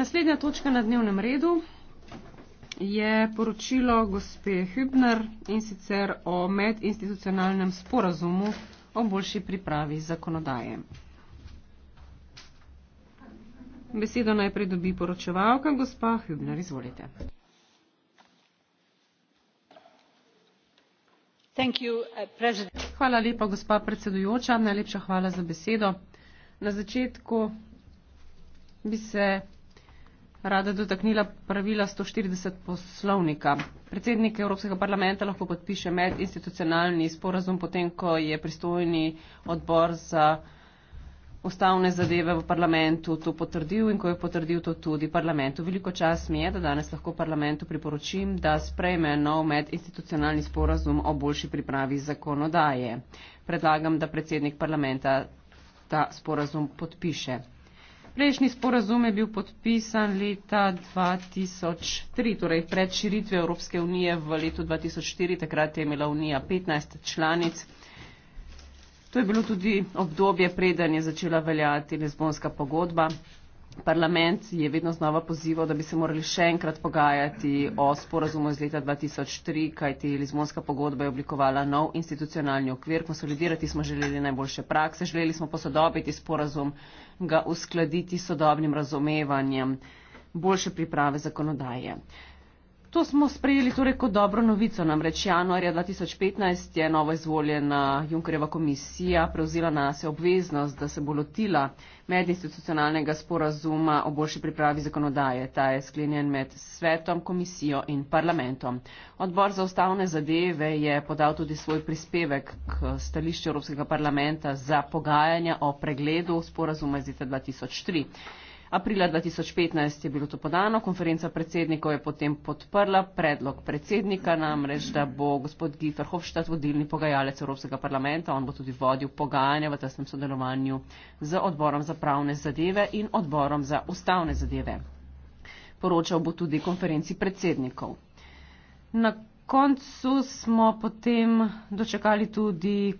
Naslednja točka na dnevnem redu je poročilo gospe Hübner in sicer o medinstitucionalnem sporazumu o boljši pripravi zakonodaje. Besedo najprej dobi poročevalka, gospa Hübner, izvolite. Thank you, uh, hvala lepa, gospa predsedujoča, najlepša hvala za besedo. Na začetku bi se rada dotaknila pravila 140 poslovnika. Predsednik Evropskega parlamenta lahko podpiše medinstitucionalni sporazum, potem ko je pristojni odbor za ustavne zadeve v parlamentu to potrdil in ko je potrdil to tudi parlamentu. Veliko čas mi je, da danes lahko parlamentu priporočim, da sprejme nov medinstitucionalni sporazum o boljši pripravi zakonodaje. Predlagam, da predsednik parlamenta ta sporazum podpiše. Prejšnji sporazum je bil podpisan leta 2003, torej pred širitve Evropske unije v letu 2004. Takrat je imela Unija 15 članic. To je bilo tudi obdobje, preden je začela veljati Lizbonska pogodba. Parlament je vedno znova pozival, da bi se morali še enkrat pogajati o sporazumu iz leta 2003, kajti Lizbonska pogodba je oblikovala nov institucionalni okvir. Konsolidirati smo želeli najboljše prakse, želeli smo posodobiti sporazum ga uskladiti s sodobnim razumevanjem boljše priprave zakonodaje. To smo sprejeli torej kot dobro novico, namreč januarja 2015 je novo izvoljena Junkereva komisija prevzela na se obveznost, da se bo lotila medinstitucionalnega sporazuma o boljši pripravi zakonodaje. Ta je sklenjen med svetom, komisijo in parlamentom. Odbor za ustavne zadeve je podal tudi svoj prispevek k stališču Evropskega parlamenta za pogajanja o pregledu sporazuma iz leta 2003. Aprila 2015 je bilo to podano, konferenca predsednikov je potem podprla predlog predsednika, namreč, da bo gospod Giefer Hofstadt vodilni pogajalec Evropskega parlamenta, on bo tudi vodil pogajanja v tesnem sodelovanju z odborom za pravne zadeve in odborom za ustavne zadeve. Poročal bo tudi konferenci predsednikov. Na koncu smo potem dočekali tudi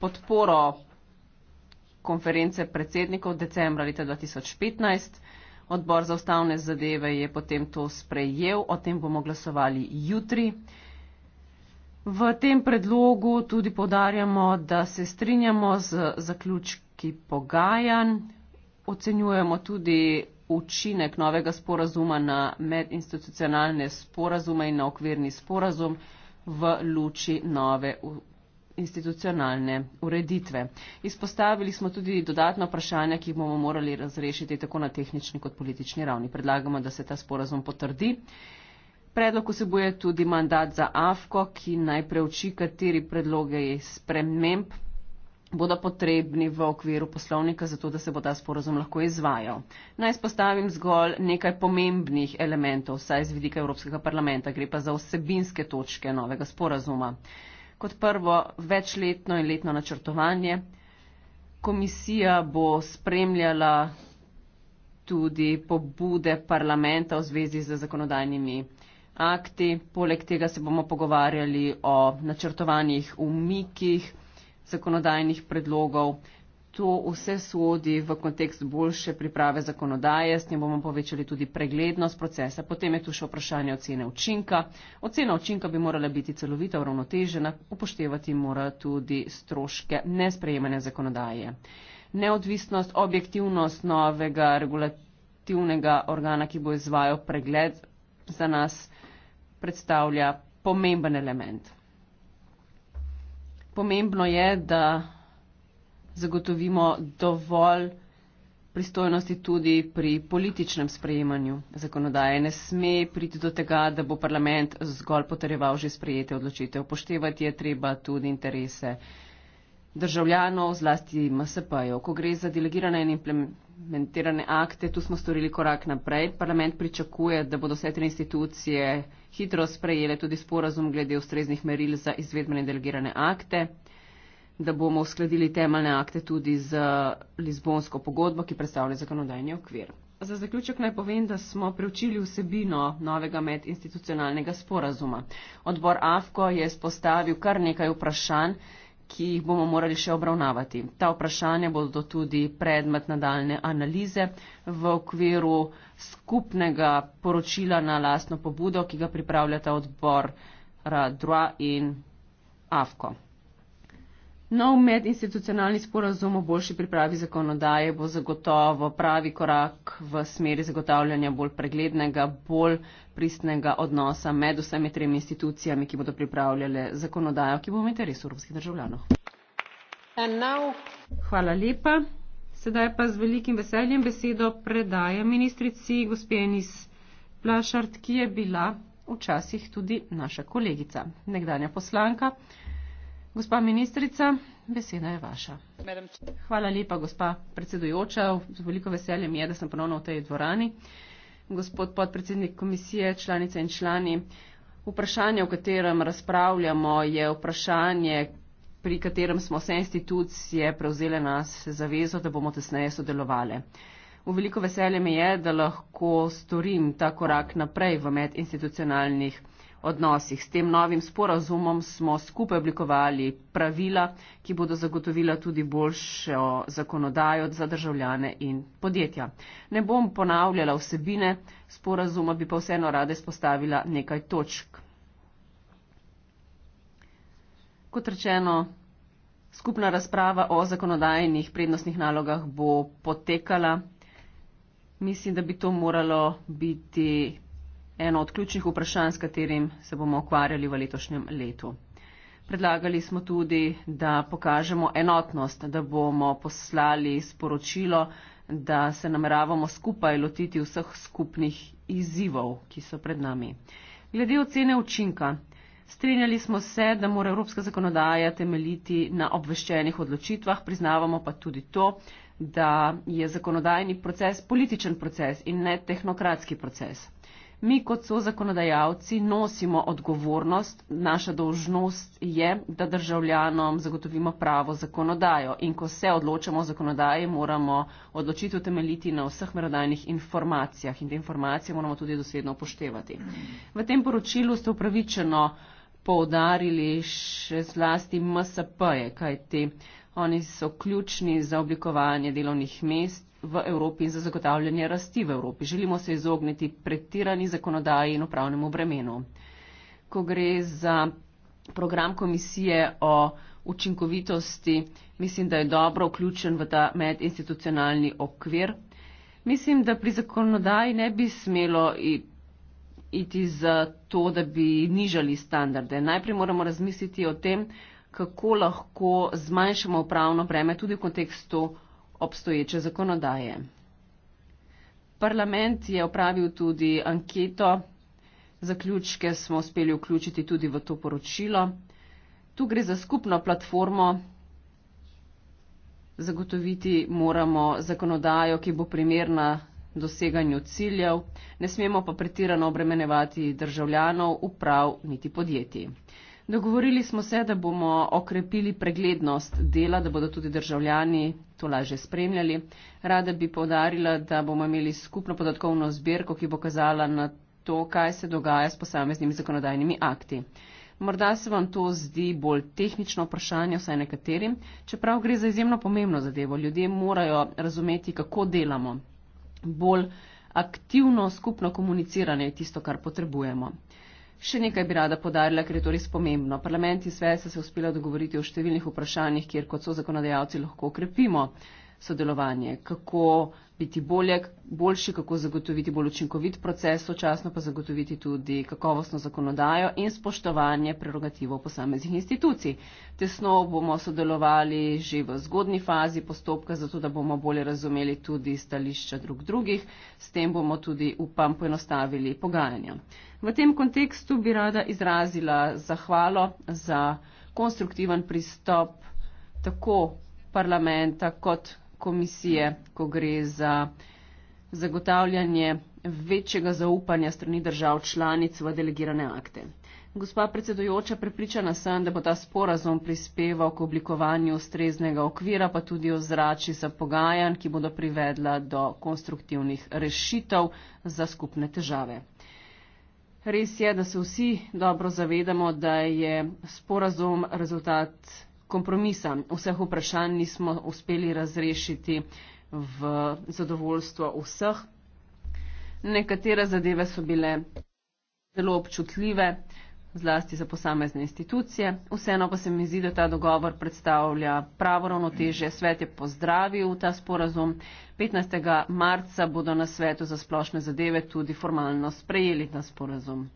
podporo konference predsednikov decembra leta 2015. Odbor za ustavne zadeve je potem to sprejel, o tem bomo glasovali jutri. V tem predlogu tudi podarjamo, da se strinjamo z zaključki pogajanj, ocenjujemo tudi učinek novega sporazuma na medinstitucionalne sporazume in na okvirni sporazum v luči nove institucionalne ureditve. Izpostavili smo tudi dodatna vprašanja, ki bomo morali razrešiti tako na tehnični kot politični ravni. Predlagamo, da se ta sporazum potrdi. Predlog vsebuje tudi mandat za AFKO, ki naj preuči, kateri predloge je sprememb bodo potrebni v okviru poslovnika, zato da se bo ta sporozum lahko izvajal. Naj spostavim zgolj nekaj pomembnih elementov, saj z vidika Evropskega parlamenta gre pa za vsebinske točke novega sporozuma. Kot prvo, večletno in letno načrtovanje. Komisija bo spremljala tudi pobude parlamenta v zvezi z zakonodajnimi akti. Poleg tega se bomo pogovarjali o načrtovanjih umikih zakonodajnih predlogov, to vse sodi v kontekst boljše priprave zakonodaje, s tem bomo povečali tudi preglednost procesa. Potem je tu še vprašanje ocene učinka. Ocena učinka bi morala biti celovita, uravnotežena, upoštevati mora tudi stroške nesprejemene zakonodaje. Neodvisnost, objektivnost novega regulativnega organa, ki bo izvajal pregled, za nas predstavlja pomemben element. Pomembno je, da zagotovimo dovolj pristojnosti tudi pri političnem sprejemanju zakonodaje. Ne sme priti do tega, da bo parlament zgolj potrjeval že sprejete odločitev. Upoštevati je treba tudi interese državljanov, zlasti MSP-jev. Ko gre za delegirane in implementirane akte, tu smo storili korak naprej. Parlament pričakuje, da bodo vse tri institucije hitro sprejele tudi sporazum glede ustreznih meril za izvedbene delegirane akte da bomo uskladili temeljne akte tudi z Lizbonsko pogodbo, ki predstavlja zakonodajni okvir. Za zaključek naj povem, da smo preučili vsebino novega medinstitucionalnega sporazuma. Odbor AFKO je spostavil kar nekaj vprašanj, ki jih bomo morali še obravnavati. Ta vprašanja bodo tudi predmet nadaljne analize v okviru skupnega poročila na lastno pobudo, ki ga pripravljata odbor RADRA in AFKO. Nov medinstitucionalni sporazum o boljši pripravi zakonodaje bo zagotovo pravi korak v smeri zagotavljanja bolj preglednega, bolj pristnega odnosa med vsemi tremi institucijami, ki bodo pripravljale zakonodajo, ki bo v interesu evropskih državljanov. Now... Hvala lepa. Sedaj pa z velikim veseljem besedo predajam ministrici gospenis Plašart, ki je bila včasih tudi naša kolegica, nekdanja poslanka. Gospa ministrica, beseda je vaša. Hvala lepa, gospa predsedujoča. Z veliko veseljem je, da sem ponovno v tej dvorani. Gospod podpredsednik komisije, članice in člani, vprašanje, o katerem razpravljamo, je vprašanje, pri katerem smo vse institucije prevzele nas zavezo, da bomo tesneje sodelovali. V veliko veselje mi je, da lahko storim ta korak naprej v medinstitucionalnih odnosih. S tem novim sporazumom smo skupaj oblikovali pravila, ki bodo zagotovila tudi boljšo zakonodajo za državljane in podjetja. Ne bom ponavljala vsebine sporazuma, bi pa vseeno rada izpostavila nekaj točk. Kot rečeno, skupna razprava o zakonodajnih prednostnih nalogah bo potekala. Mislim, da bi to moralo biti eno od ključnih vprašanj, s katerim se bomo ukvarjali v letošnjem letu. Predlagali smo tudi, da pokažemo enotnost, da bomo poslali sporočilo, da se nameravamo skupaj lotiti vseh skupnih izzivov, ki so pred nami. Glede ocene učinka. Strinjali smo se, da mora evropska zakonodaja temeljiti na obveščenih odločitvah, priznavamo pa tudi to, da je zakonodajni proces političen proces in ne tehnokratski proces mi kot so zakonodajalci nosimo odgovornost, naša dolžnost je, da državljanom zagotovimo pravo zakonodajo in ko se odločamo o zakonodaji, moramo odločitev temeljiti na vseh merodajnih informacijah in te informacije moramo tudi dosledno upoštevati. V tem poročilu ste upravičeno poudarili še zlasti MSP-je, kajti oni so ključni za oblikovanje delovnih mest v Evropi in za zagotavljanje rasti v Evropi. Želimo se izogniti pretirani zakonodaji in upravnemu bremenu. Ko gre za program komisije o učinkovitosti, mislim, da je dobro vključen v ta medinstitucionalni okvir. Mislim, da pri zakonodaji ne bi smelo iti za to, da bi nižali standarde. Najprej moramo razmisliti o tem, kako lahko zmanjšamo upravno breme tudi v kontekstu obstoječe zakonodaje. Parlament je opravil tudi anketo, zaključke smo uspeli vključiti tudi v to poročilo. Tu gre za skupno platformo, zagotoviti moramo zakonodajo, ki bo primerna doseganju ciljev, ne smemo pa pretirano obremenevati državljanov, uprav niti podjetij. Dogovorili smo se, da bomo okrepili preglednost dela, da bodo tudi državljani to lažje spremljali. Rada bi povdarila, da bomo imeli skupno podatkovno zbirko, ki bo kazala na to, kaj se dogaja s posameznimi zakonodajnimi akti. Morda se vam to zdi bolj tehnično vprašanje, vsaj nekaterim, čeprav gre za izjemno pomembno zadevo. Ljudje morajo razumeti, kako delamo. Bolj aktivno skupno komuniciranje je tisto, kar potrebujemo. Še nekaj bi rada podarila, ker je to res pomembno. Parlament in svet so se uspela dogovoriti o številnih vprašanjih, kjer kot so zakonodajalci lahko okrepimo sodelovanje, kako biti bolje, boljši, kako zagotoviti bolj učinkovit proces, sočasno pa zagotoviti tudi kakovostno zakonodajo in spoštovanje prerogativov posameznih institucij. Tesno bomo sodelovali že v zgodni fazi postopka, zato da bomo bolje razumeli tudi stališča drug drugih, s tem bomo tudi, upam, poenostavili pogajanja. V tem kontekstu bi rada izrazila zahvalo za konstruktiven pristop tako parlamenta kot komisije, ko gre za zagotavljanje večjega zaupanja strani držav članic v delegirane akte. Gospa predsedujoča, prepričana sem, da bo ta sporazum prispeval k oblikovanju ustreznega okvira, pa tudi ozrači za pogajanj, ki bodo privedla do konstruktivnih rešitev za skupne težave. Res je, da se vsi dobro zavedamo, da je sporazum rezultat kompromisa. Vseh vprašanj nismo uspeli razrešiti v zadovoljstvo vseh. Nekatere zadeve so bile zelo občutljive zlasti za posamezne institucije. Vseeno pa se mi zdi, da ta dogovor predstavlja pravo ravnotežje. Svet je pozdravil ta sporazum. 15. marca bodo na svetu za splošne zadeve tudi formalno sprejeli ta sporazum.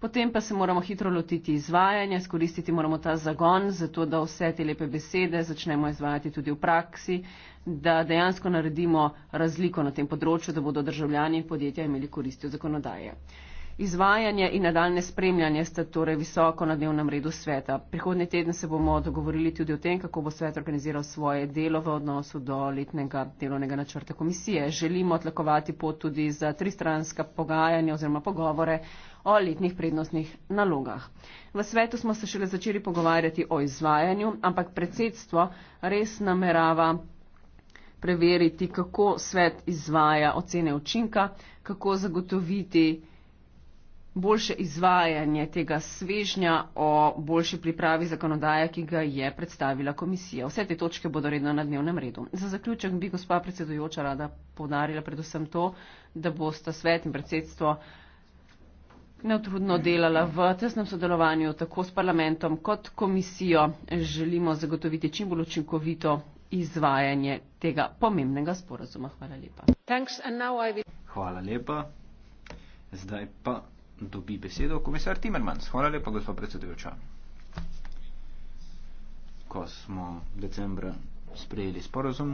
Potem pa se moramo hitro lotiti izvajanja, skoristiti moramo ta zagon, zato da vse te lepe besede začnemo izvajati tudi v praksi, da dejansko naredimo razliko na tem področju, da bodo državljani in podjetja imeli koristi od zakonodaje. Izvajanje in nadaljne spremljanje sta torej visoko na dnevnem redu sveta. Prihodnji teden se bomo dogovorili tudi o tem, kako bo svet organiziral svoje delo v odnosu do letnega delovnega načrta komisije. Želimo tlakovati pot tudi za tristranska pogajanja oziroma pogovore o letnih prednostnih nalogah. V svetu smo se šele začeli pogovarjati o izvajanju, ampak predsedstvo res namerava preveriti, kako svet izvaja ocene učinka, kako zagotoviti boljše izvajanje tega svežnja o boljši pripravi zakonodaje, ki ga je predstavila komisija. Vse te točke bodo redno na dnevnem redu. Za zaključek bi gospa predsedujoča rada povdarila predvsem to, da bosta svet in predsedstvo neutrudno delala v tesnem sodelovanju tako s parlamentom kot komisijo. Želimo zagotoviti čim bolj učinkovito izvajanje tega pomembnega sporazuma. Hvala lepa. Hvala lepa. Zdaj pa dobi besedo komisar Timmermans. Hvala lepa, gospod predsedujoča. Ko smo decembra sprejeli sporozum,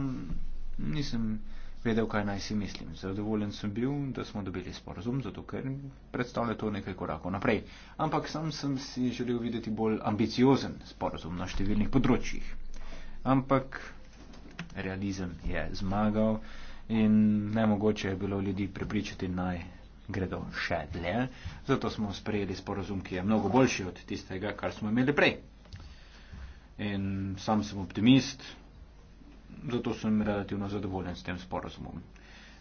nisem vedel, kaj naj si mislim. Zadovoljen sem bil, da smo dobili sporozum, zato ker predstavlja to nekaj korakov naprej. Ampak sam sem si želel videti bolj ambiciozen sporozum na številnih področjih. Ampak realizem je zmagal in nemogoče je bilo ljudi prepričati naj gredo še dlje. Zato smo sprejeli sporozum, ki je mnogo boljši od tistega, kar smo imeli prej. In sam sem optimist, zato sem relativno zadovoljen s tem sporozumom.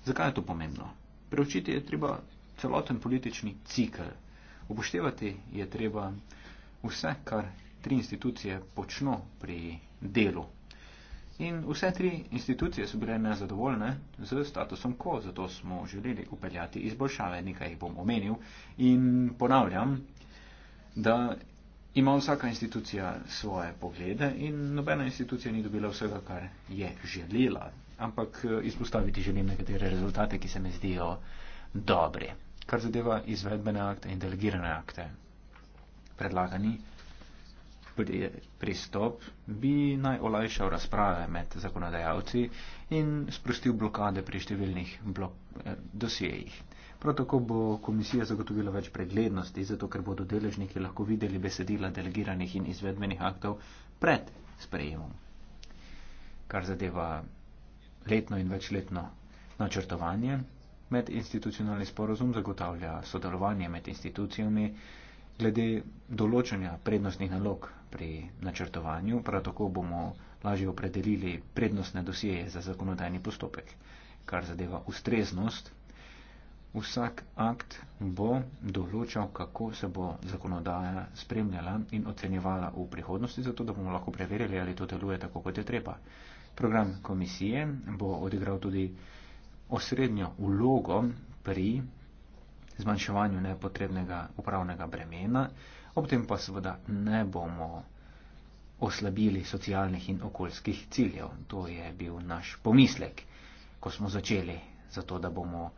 Zakaj je to pomembno? Preučiti je treba celoten politični cikl. Upoštevati je treba vse, kar tri institucije počno pri delu In vse tri institucije so bile nezadovoljne z statusom quo, zato smo želeli upeljati izboljšave, nekaj jih bom omenil. In ponavljam, da ima vsaka institucija svoje poglede in nobena institucija ni dobila vsega, kar je želela. Ampak eh, izpostaviti želim nekatere rezultate, ki se mi zdijo dobri. Kar zadeva izvedbene akte in delegirane akte. Predlagani pristop bi naj olajšal razprave med zakonodajalci in sprostil blokade pri številnih blok, eh, dosjejih. Prav tako bo komisija zagotovila več preglednosti, zato ker bodo deležniki lahko videli besedila delegiranih in izvedbenih aktov pred sprejemom. Kar zadeva letno in večletno načrtovanje, medinstitucionalni sporozum zagotavlja sodelovanje med institucijami, glede določanja prednostnih nalog pri načrtovanju, prav tako bomo lažje opredelili prednostne dosjeje za zakonodajni postopek, kar zadeva ustreznost. Vsak akt bo določal, kako se bo zakonodaja spremljala in ocenjevala v prihodnosti, zato da bomo lahko preverili, ali to deluje tako, kot je treba. Program komisije bo odigral tudi osrednjo vlogo pri zmanjševanju nepotrebnega upravnega bremena, ob tem pa seveda ne bomo oslabili socialnih in okoljskih ciljev. To je bil naš pomislek, ko smo začeli za to, da bomo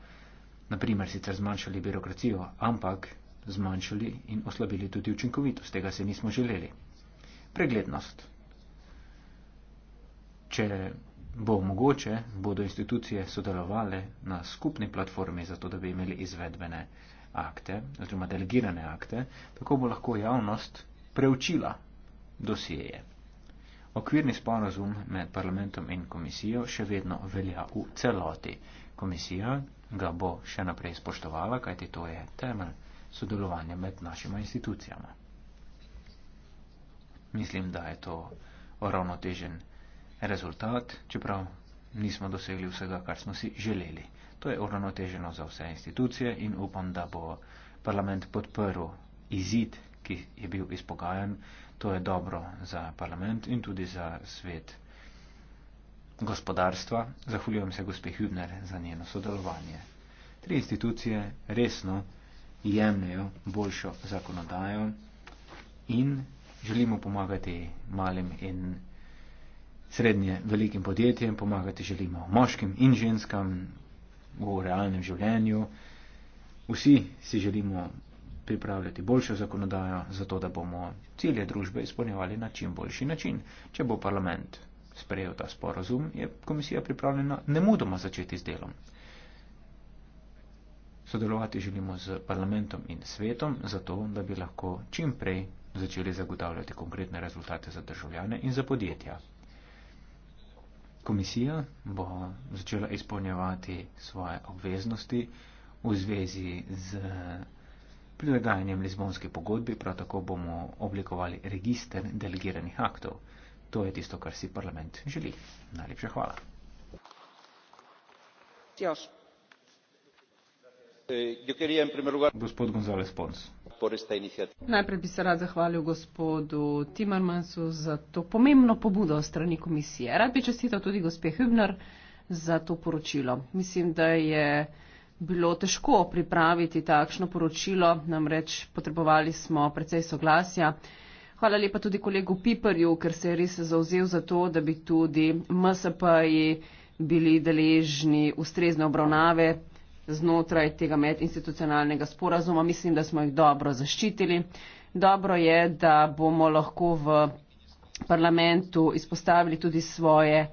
naprimer sicer zmanjšali birokracijo, ampak zmanjšali in oslabili tudi učinkovitost. Tega se nismo želeli. Preglednost. Če bo mogoče, bodo institucije sodelovali na skupni platformi, zato da bi imeli izvedbene akte oziroma delegirane akte, tako bo lahko javnost preučila dosjeje. Okvirni sporozum med parlamentom in komisijo še vedno velja v celoti. Komisija ga bo še naprej spoštovala, kajti to je temelj sodelovanja med našima institucijama. Mislim, da je to uravnotežen rezultat, čeprav nismo dosegli vsega, kar smo si želeli. To je uravnoteženo za vse institucije in upam, da bo parlament podprl izid, ki je bil izpogajan. To je dobro za parlament in tudi za svet gospodarstva. Zahvaljujem se gospe Hübner za njeno sodelovanje. Tri institucije resno jemljajo boljšo zakonodajo in želimo pomagati malim in srednje velikim podjetjem, pomagati želimo moškim in ženskam v realnem življenju. Vsi si želimo pripravljati boljšo zakonodajo, zato da bomo cilje družbe izpolnjevali na čim boljši način. Če bo parlament sprejel ta sporozum, je komisija pripravljena nemudoma začeti z delom. Sodelovati želimo z parlamentom in svetom, zato da bi lahko čim prej začeli zagotavljati konkretne rezultate za državljane in za podjetja komisija bo začela izpolnjevati svoje obveznosti v zvezi z prilagajanjem Lizbonske pogodbe, prav tako bomo oblikovali register delegiranih aktov. To je tisto, kar si parlament želi. Najlepša hvala. Tjož. Eh, Gospod Gonzales Pons. Najprej bi se rad zahvalil gospodu Timmermansu za to pomembno pobudo strani komisije. Rad bi čestital tudi gospe Hübner za to poročilo. Mislim, da je bilo težko pripraviti takšno poročilo, namreč potrebovali smo precej soglasja. Hvala lepa tudi kolegu Piperju, ker se je res zauzel za to, da bi tudi MSP-ji bili deležni ustrezne obravnave znotraj tega medinstitucionalnega sporazuma. Mislim, da smo jih dobro zaščitili. Dobro je, da bomo lahko v parlamentu izpostavili tudi svoje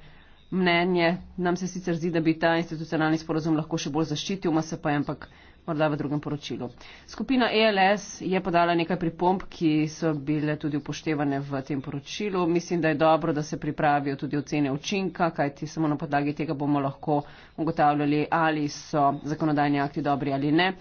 mnenje. Nam se sicer zdi, da bi ta institucionalni sporazum lahko še bolj zaščitil, ima se pa ampak morda v drugem poročilu. Skupina ELS je podala nekaj pripomp, ki so bile tudi upoštevane v tem poročilu. Mislim, da je dobro, da se pripravijo tudi ocene učinka, kajti samo na podlagi tega bomo lahko ugotavljali, ali so zakonodajni akti dobri ali ne.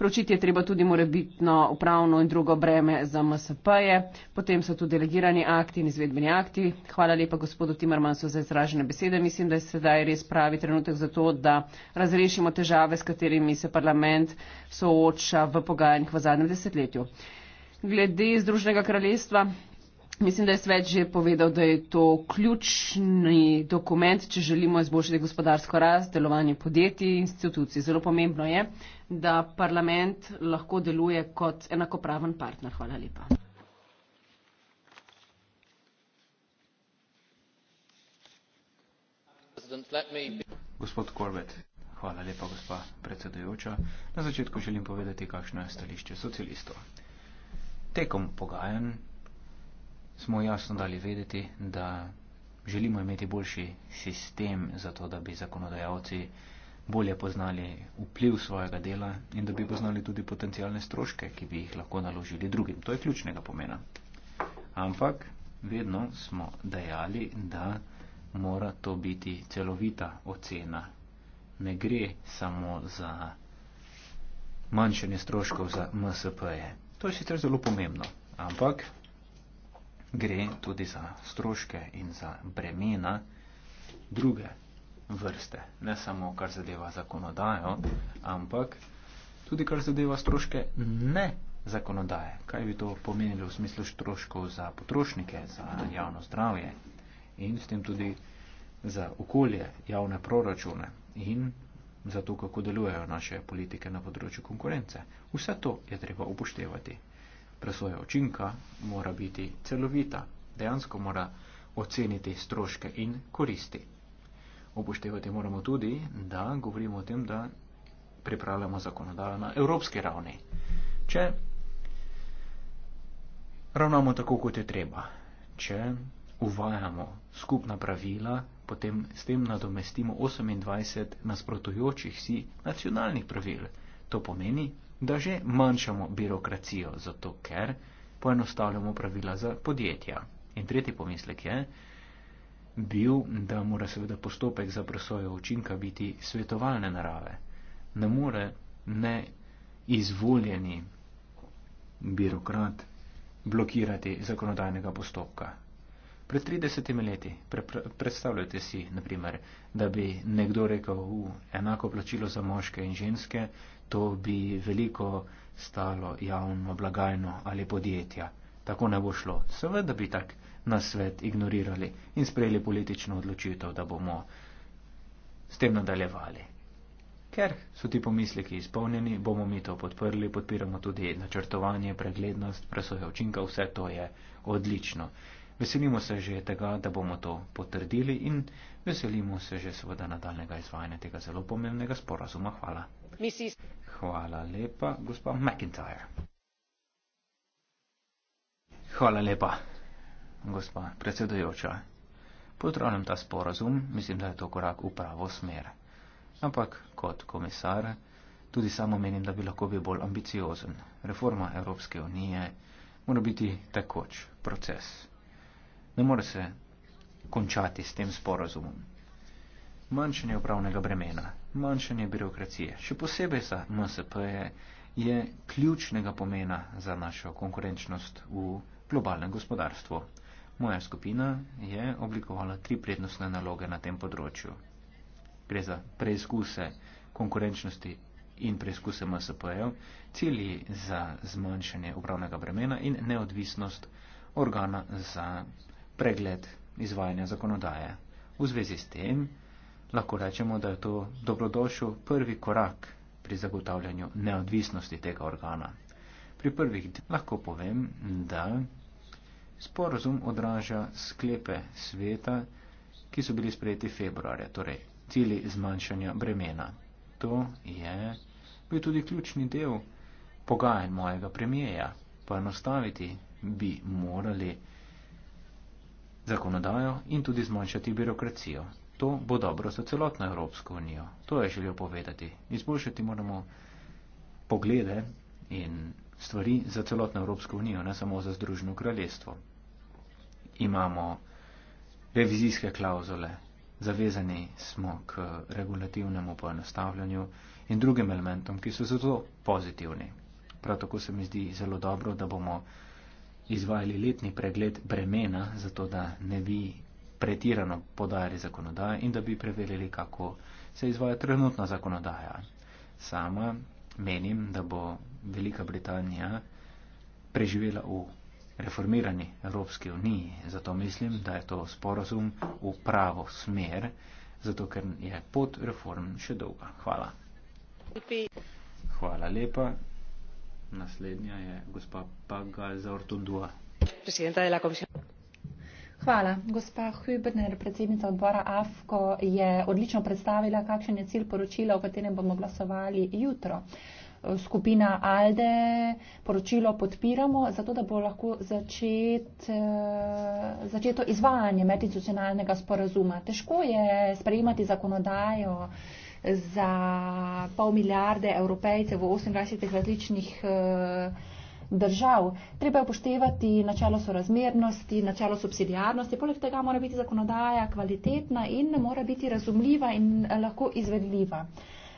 Pročiti je treba tudi morebitno upravno in drugo breme za MSP-je, potem so tu delegirani akti in izvedbeni akti. Hvala lepa gospodu Timmermansu za izražene besede. Mislim, da je sedaj res pravi trenutek za to, da razrešimo težave, s katerimi se parlament sooča v pogajanjih v zadnjem desetletju. Glede Združenega kraljestva. Mislim, da je svet že povedal, da je to ključni dokument, če želimo izboljšati gospodarsko rast, delovanje podjetij in institucij. Zelo pomembno je, da parlament lahko deluje kot enakopraven partner. Hvala lepa. Gospod Korbet, hvala lepa, gospa predsedujoča. Na začetku želim povedati, kakšno je stališče socialistov. Tekom pogajanj smo jasno dali vedeti, da želimo imeti boljši sistem, zato da bi zakonodajalci bolje poznali vpliv svojega dela in da bi poznali tudi potencijalne stroške, ki bi jih lahko naložili drugim. To je ključnega pomena. Ampak vedno smo dejali, da mora to biti celovita ocena. Ne gre samo za manjšanje stroškov za MSP-je. To je sicer zelo pomembno, ampak gre tudi za stroške in za bremena druge vrste, ne samo kar zadeva zakonodajo, ampak tudi kar zadeva stroške ne zakonodaje. Kaj bi to pomenilo v smislu stroškov za potrošnike, za javno zdravje in s tem tudi za okolje, javne proračune in za to, kako delujejo naše politike na področju konkurence. Vse to je treba upoštevati presoja očinka mora biti celovita, dejansko mora oceniti stroške in koristi. Upoštevati moramo tudi, da govorimo o tem, da pripravljamo zakonodajo na evropski ravni. Če ravnamo tako, kot je treba, če uvajamo skupna pravila, potem s tem nadomestimo 28 nasprotujočih si nacionalnih pravil. To pomeni, da že manjšamo birokracijo, zato ker poenostavljamo pravila za podjetja. In tretji pomislek je bil, da mora seveda postopek za presojo učinka biti svetovalne narave. Ne more ne izvoljeni birokrat blokirati zakonodajnega postopka. Pred 30 leti, pre, pre, predstavljajte si, naprimer, da bi nekdo rekel, v enako plačilo za moške in ženske to bi veliko stalo javno blagajno ali podjetja. Tako ne bo šlo. Seveda bi tak na svet ignorirali in sprejeli politično odločitev, da bomo s tem nadaljevali. Ker so ti pomisleki izpolnjeni, bomo mi to podprli, podpiramo tudi načrtovanje, preglednost, presoje učinka, vse to je odlično. Veselimo se že tega, da bomo to potrdili in veselimo se že seveda nadaljnega izvajanja tega zelo pomembnega sporazuma. Hvala. Hvala lepa, gospod McIntyre. Hvala lepa, gospod predsedujoča. Pozdravljam ta sporazum, mislim, da je to korak v pravo smer. Ampak kot komisar tudi samo menim, da bi lahko bil bolj ambiciozen. Reforma Evropske unije mora biti takoč proces. Ne more se končati s tem sporazumom. Manjšanje upravnega bremena, manjšanje birokracije. Še posebej za MSP -je, je ključnega pomena za našo konkurenčnost v globalnem gospodarstvu. Moja skupina je oblikovala tri prednostne naloge na tem področju. Gre za preizkuse konkurenčnosti in preizkuse MSP-jev, cilji za zmanjšanje upravnega bremena in neodvisnost organa za pregled izvajanja zakonodaje. V zvezi s tem lahko rečemo, da je to dobrodošel prvi korak pri zagotavljanju neodvisnosti tega organa. Pri prvih lahko povem, da sporozum odraža sklepe sveta, ki so bili sprejeti februarja, torej cilji zmanjšanja bremena. To je bil tudi ključni del pogajanj mojega premijeja. Poenostaviti bi morali zakonodajo in tudi zmanjšati birokracijo. To bo dobro za celotno Evropsko unijo. To je želel povedati. Izboljšati moramo poglede in stvari za celotno Evropsko unijo, ne samo za Združeno kraljestvo. Imamo revizijske klauzule, zavezani smo k regulativnemu poenostavljanju in drugim elementom, ki so zato pozitivni. Prav tako se mi zdi zelo dobro, da bomo izvajali letni pregled bremena, zato da ne bi pretirano podajali zakonodajo in da bi preverili, kako se izvaja trenutna zakonodaja. Sama menim, da bo Velika Britanija preživela v reformirani Evropski uniji. Zato mislim, da je to sporozum v pravo smer, zato ker je pot reform še dolga. Hvala. Hvala lepa. Naslednja je gospa Paga za Ortundua. Presidenta de la Comisión. Hvala. Gospa Hübner, predsednica odbora AFKO, je odlično predstavila, kakšen je cilj poročila, o katerem bomo glasovali jutro. Skupina ALDE poročilo podpiramo, zato da bo lahko začet, eh, začeto izvajanje medinstitucionalnega sporazuma. Težko je sprejemati zakonodajo za pol milijarde evropejcev v 28 različnih eh, držav. Treba je upoštevati načelo sorazmernosti, načelo subsidijarnosti, poleg tega mora biti zakonodaja kvalitetna in mora biti razumljiva in eh, lahko izvedljiva.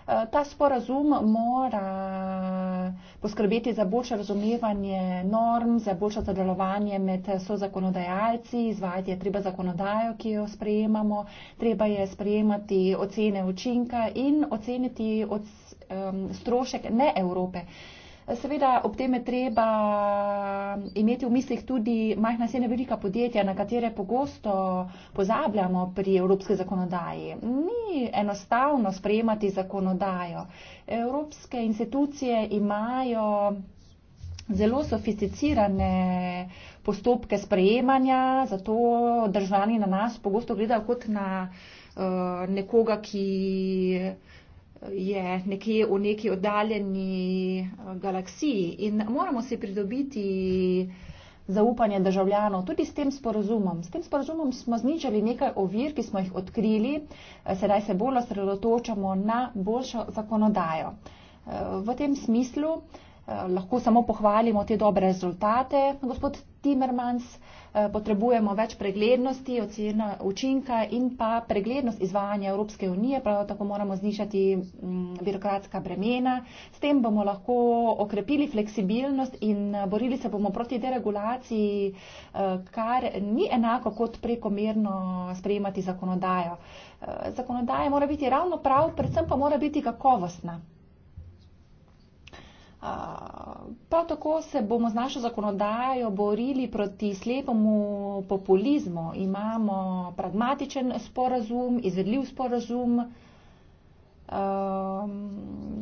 Eh, ta sporazum mora poskrbeti za boljše razumevanje norm, za boljše sodelovanje med eh, sozakonodajalci, izvajati je treba zakonodajo, ki jo sprejemamo, treba je sprejemati ocene učinka in oceniti od, um, strošek ne Evrope. Uh, Seveda ob tem je treba imeti v mislih tudi majhna sene velika podjetja, na katere pogosto pozabljamo pri evropske zakonodaji. Ni enostavno sprejemati zakonodajo. Evropske institucije imajo zelo sofisticirane postopke sprejemanja, zato državljani na nas pogosto gledajo kot na uh, nekoga, ki uh, je nekje v neki oddaljeni eh, galaksiji in moramo si pridobiti zaupanje državljanov tudi s tem sporozumom. S tem sporozumom smo zničali nekaj ovir, ki smo jih odkrili, eh, sedaj se bolj osredotočamo na boljšo zakonodajo. Eh, v tem smislu lahko samo pohvalimo te dobre rezultate. Gospod Timmermans, Eh, potrebujemo več preglednosti, ocena učinka in pa preglednost izvajanja Evropske unije, prav tako moramo znižati mm, birokratska bremena. S tem bomo lahko okrepili fleksibilnost in eh, borili se bomo proti deregulaciji, eh, kar ni enako kot prekomerno sprejemati zakonodajo. Zakonodaja mora biti ravno prav, predvsem pa mora biti kakovostna. Prav tako se bomo z našo zakonodajo borili proti slepemu populizmu. Imamo pragmatičen sporazum, izvedljiv sporazum. Um,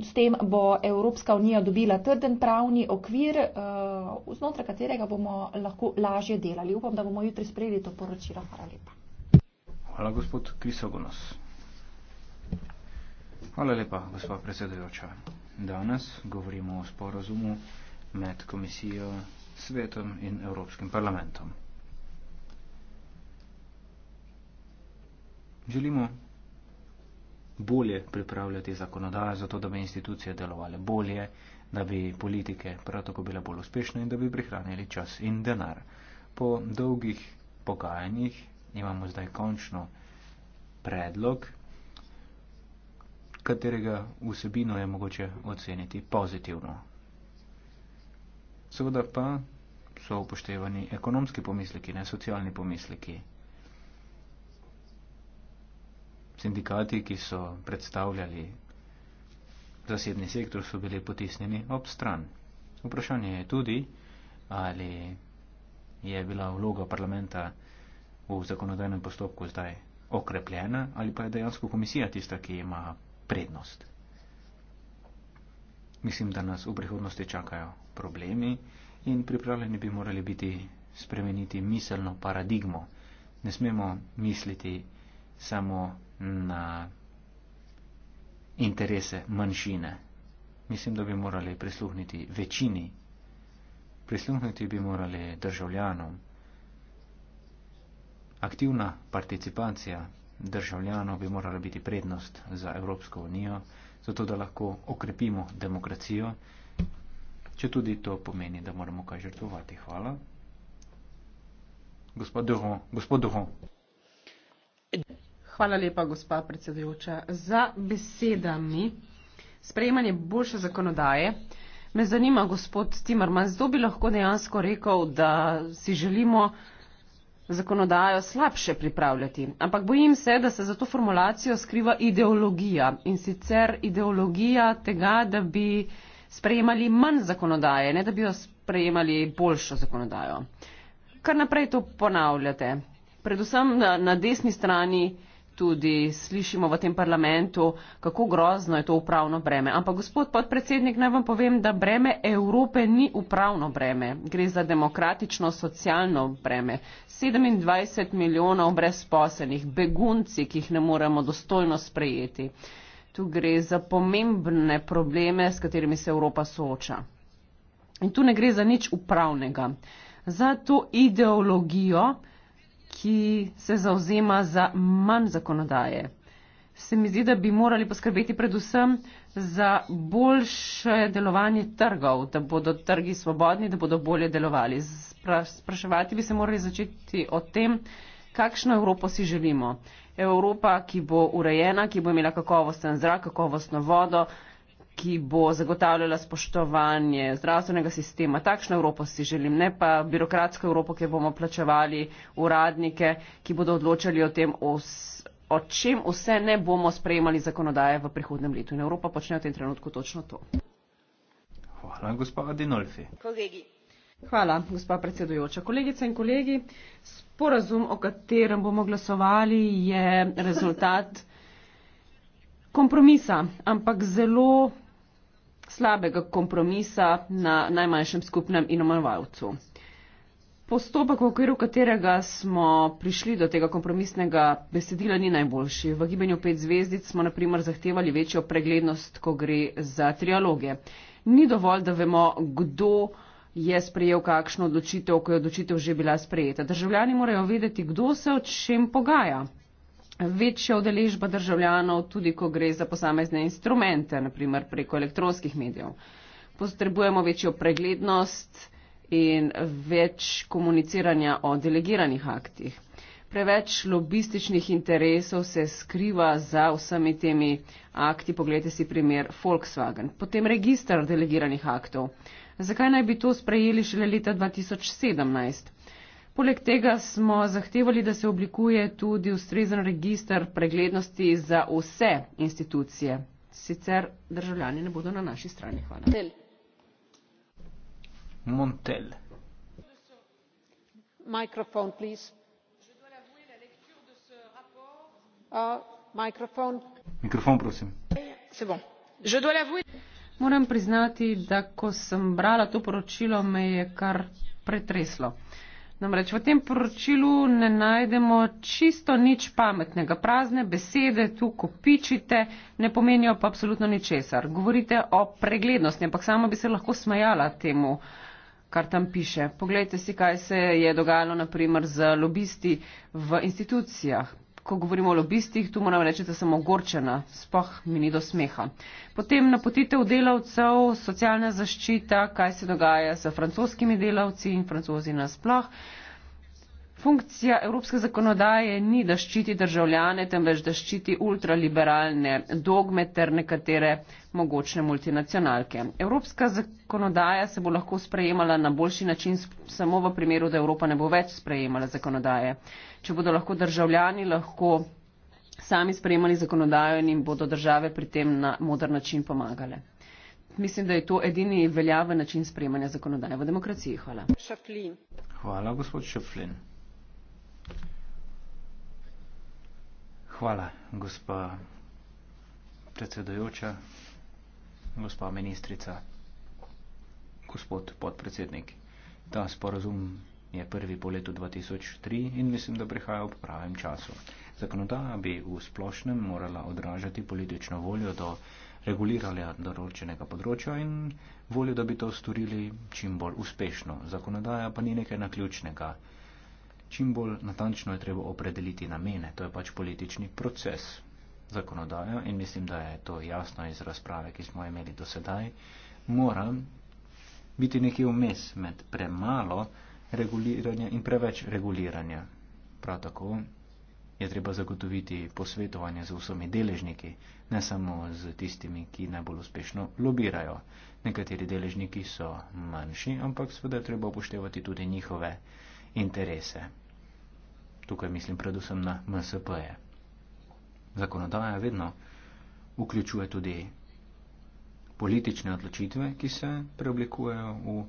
s tem bo Evropska unija dobila trden pravni okvir, uh, znotraj katerega bomo lahko lažje delali. Upam, da bomo jutri sprejeli to poročilo. Hvala lepa. Hvala, gospod Krisogonos. Hvala lepa, gospod predsedujoča. Danes govorimo o sporazumu med komisijo, svetom in Evropskim parlamentom. Želimo bolje pripravljati zakonodajo, zato da bi institucije delovale bolje, da bi politike prav tako bile bolj uspešne in da bi prihranili čas in denar. Po dolgih pogajanjih imamo zdaj končno predlog, katerega vsebino je mogoče oceniti pozitivno. Seveda pa so upoštevani ekonomski pomisleki, ne socialni pomisleki. Sindikati, ki so predstavljali zasebni sektor, so bili potisnjeni ob stran. Vprašanje je tudi, ali je bila vloga parlamenta v zakonodajnem postopku zdaj okrepljena ali pa je dejansko komisija tista, ki ima prednost. Mislim, da nas v prihodnosti čakajo problemi in pripravljeni bi morali biti spremeniti miselno paradigmo. Ne smemo misliti samo na interese manjšine. Mislim, da bi morali prisluhniti večini, prisluhniti bi morali državljanom. Aktivna participacija državljanov bi morala biti prednost za Evropsko unijo, zato da lahko okrepimo demokracijo, če tudi to pomeni, da moramo kaj žrtvovati. Hvala. Gospod Duhon. Gospod Duhon. Hvala lepa, gospa predsedujoča, za besedami. Sprejemanje boljše zakonodaje. Me zanima, gospod Timerman, zdo bi lahko dejansko rekel, da si želimo zakonodajo slabše pripravljati. Ampak bojim se, da se za to formulacijo skriva ideologija in sicer ideologija tega, da bi sprejemali manj zakonodaje, ne da bi jo sprejemali boljšo zakonodajo. Kar naprej to ponavljate. Predvsem na, na desni strani tudi slišimo v tem parlamentu, kako grozno je to upravno breme. Ampak, gospod podpredsednik, naj vam povem, da breme Evrope ni upravno breme. Gre za demokratično socialno breme. 27 milijonov brezposenih, begunci, ki jih ne moremo dostojno sprejeti. Tu gre za pomembne probleme, s katerimi se Evropa sooča. In tu ne gre za nič upravnega. Za to ideologijo, ki se zauzema za manj zakonodaje. Se mi zdi, da bi morali poskrbeti predvsem za boljše delovanje trgov, da bodo trgi svobodni, da bodo bolje delovali. Spraševati bi se morali začeti o tem, kakšno Evropo si želimo. Evropa, ki bo urejena, ki bo imela kakovosten zrak, kakovostno vodo, ki bo zagotavljala spoštovanje zdravstvenega sistema. Takšno Evropo si želim, ne pa birokratsko Evropo, kjer bomo plačevali uradnike, ki bodo odločali o tem, o čem vse ne bomo sprejemali zakonodaje v prihodnem letu. In Evropa počne v tem trenutku točno to. Hvala, gospod Dinolfi. Kolegi. Hvala, gospod predsedujoča. Kolegice in kolegi, sporazum, o katerem bomo glasovali, je rezultat kompromisa, ampak zelo slabega kompromisa na najmanjšem skupnem inomovalcu. Postopek, v okviru katerega smo prišli do tega kompromisnega besedila, ni najboljši. V gibanju pet zvezdic smo naprimer zahtevali večjo preglednost, ko gre za trialoge. Ni dovolj, da vemo, kdo je sprejel kakšno odločitev, ko je odločitev že bila sprejeta. Državljani morajo vedeti, kdo se o čem pogaja večja udeležba državljanov, tudi ko gre za posamezne instrumente, naprimer preko elektronskih medijev. Potrebujemo večjo preglednost in več komuniciranja o delegiranih aktih. Preveč lobističnih interesov se skriva za vsemi temi akti. Poglejte si primer Volkswagen. Potem registar delegiranih aktov. Zakaj naj bi to sprejeli šele leta 2017? Poleg tega smo zahtevali, da se oblikuje tudi ustrezen registr preglednosti za vse institucije. Sicer državljani ne bodo na naši strani. Hvala. Montel. Montel. Mikrofon, prosim. Ah, mikrofon. Mikrofon, prosim. Se bom. Je dois l'avouer. Moram priznati, da ko sem brala to poročilo, me je kar pretreslo. Uh, Namreč v tem poročilu ne najdemo čisto nič pametnega. Prazne besede tu kopičite, ne pomenijo pa absolutno ničesar. Govorite o preglednosti, ampak sama bi se lahko smajala temu, kar tam piše. Poglejte si, kaj se je dogajalo naprimer z lobisti v institucijah ko govorimo o lobistih, tu moram reči, da sem ogorčena, spoh mi ni do smeha. Potem napotitev delavcev, socialna zaščita, kaj se dogaja z francoskimi delavci in francozi nasploh. Funkcija evropske zakonodaje ni, da ščiti državljane, temveč da ščiti ultraliberalne dogme ter nekatere mogočne multinacionalke. Evropska zakonodaja se bo lahko sprejemala na boljši način samo v primeru, da Evropa ne bo več sprejemala zakonodaje. Če bodo lahko državljani lahko sami sprejemali zakonodajo in jim bodo države pri tem na modr način pomagale. Mislim, da je to edini veljaven način sprejemanja zakonodaje v demokraciji. Hvala. Šaplin. Hvala, gospod Šeflin. Hvala, gospa predsedujoča, gospa ministrica, gospod podpredsednik. Ta sporozum je prvi po letu 2003 in mislim, da prihaja ob pravem času. Zakonodaja bi v splošnem morala odražati politično voljo do reguliranja določenega področja in voljo, da bi to storili čim bolj uspešno. Zakonodaja pa ni nekaj naključnega čim bolj natančno je treba opredeliti namene, to je pač politični proces zakonodajo in mislim, da je to jasno iz razprave, ki smo imeli do sedaj, mora biti nekaj vmes med premalo reguliranja in preveč reguliranja. Prav tako je treba zagotoviti posvetovanje z vsemi deležniki, ne samo z tistimi, ki najbolj uspešno lobirajo. Nekateri deležniki so manjši, ampak seveda je treba upoštevati tudi njihove interese. Tukaj mislim predvsem na MSP-je. Zakonodaja vedno vključuje tudi politične odločitve, ki se preoblikujejo v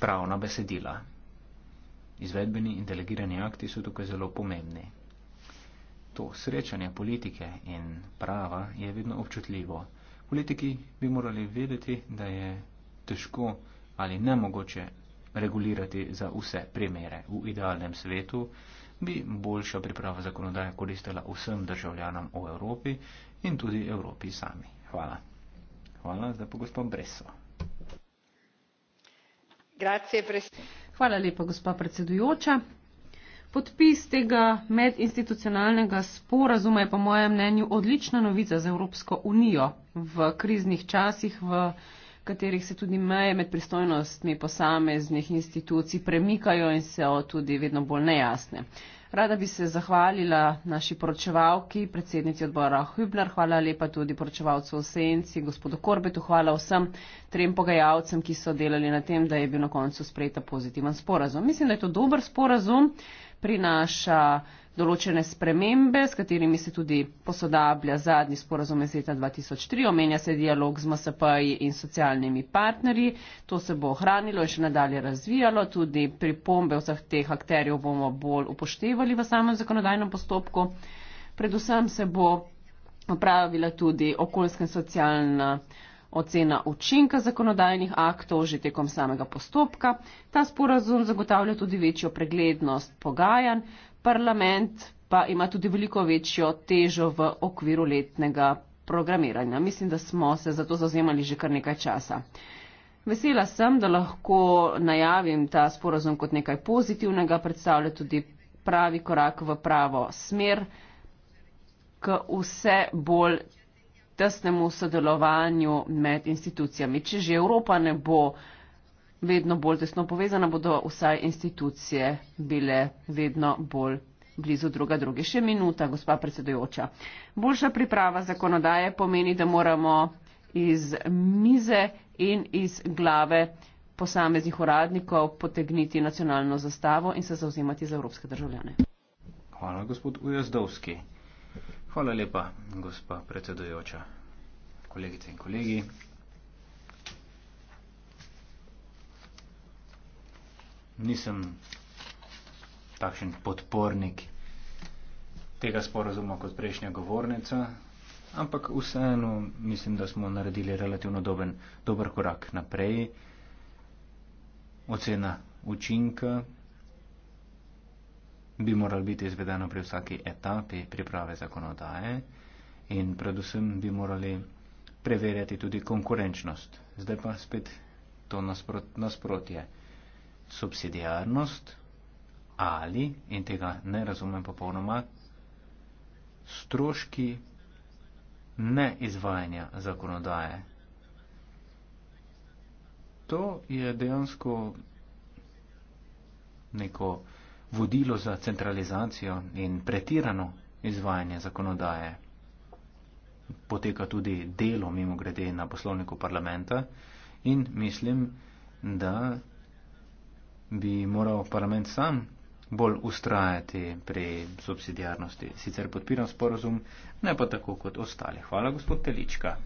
pravna besedila. Izvedbeni in delegirani akti so tukaj zelo pomembni. To srečanje politike in prava je vedno občutljivo. Politiki bi morali vedeti, da je težko ali nemogoče regulirati za vse primere. V idealnem svetu bi boljša priprava zakonodaje koristila vsem državljanom v Evropi in tudi Evropi sami. Hvala. Hvala za pogospod Breso. Hvala lepa, gospa predsedujoča. Podpis tega medinstitucionalnega sporazuma je po mojem mnenju odlična novica za Evropsko unijo v kriznih časih, v katerih se tudi meje med pristojnostmi posameznih institucij premikajo in se o tudi vedno bolj nejasne. Rada bi se zahvalila naši poročevalki, predsednici odbora Hübner, hvala lepa tudi poročevalcu v senci, gospodu Korbetu, hvala vsem trem pogajalcem, ki so delali na tem, da je bil na koncu sprejeta pozitiven sporazum. Mislim, da je to dober sporazum, prinaša določene spremembe, s katerimi se tudi posodablja zadnji sporazum iz leta 2003. Omenja se dialog z MSP in socialnimi partnerji. To se bo ohranilo in še nadalje razvijalo. Tudi pripombe vseh teh akterjev bomo bolj upoštevali v samem zakonodajnem postopku. Predvsem se bo opravila tudi okoljska in socialna ocena učinka zakonodajnih aktov že tekom samega postopka. Ta sporazum zagotavlja tudi večjo preglednost pogajanj, parlament pa ima tudi veliko večjo težo v okviru letnega programiranja. Mislim, da smo se za to zauzemali že kar nekaj časa. Vesela sem, da lahko najavim ta sporozum kot nekaj pozitivnega, predstavlja tudi pravi korak v pravo smer k vse bolj tesnemu sodelovanju med institucijami. Če že Evropa ne bo vedno bolj tesno povezana, bodo vsaj institucije bile vedno bolj blizu druga druge. Še minuta, gospa predsedujoča. Boljša priprava zakonodaje pomeni, da moramo iz mize in iz glave posameznih uradnikov potegniti nacionalno zastavo in se zauzimati za evropske državljane. Hvala, gospod Ujazdovski. Hvala lepa, gospa predsedujoča. Kolegice in kolegi. nisem takšen podpornik tega sporozuma kot prejšnja govornica, ampak vseeno mislim, da smo naredili relativno doben, dober korak naprej. Ocena učinka bi morala biti izvedena pri vsaki etapi priprave zakonodaje in predvsem bi morali preverjati tudi konkurenčnost. Zdaj pa spet to nasprot, nasprotje subsidiarnost ali, in tega ne razumem popolnoma, stroški neizvajanja zakonodaje. To je dejansko neko vodilo za centralizacijo in pretirano izvajanje zakonodaje. Poteka tudi delo mimo grede na poslovniku parlamenta in mislim, da bi moral parlament sam bolj ustrajati pri subsidijarnosti. Sicer podpiram sporozum, ne pa tako kot ostali. Hvala, gospod Telička.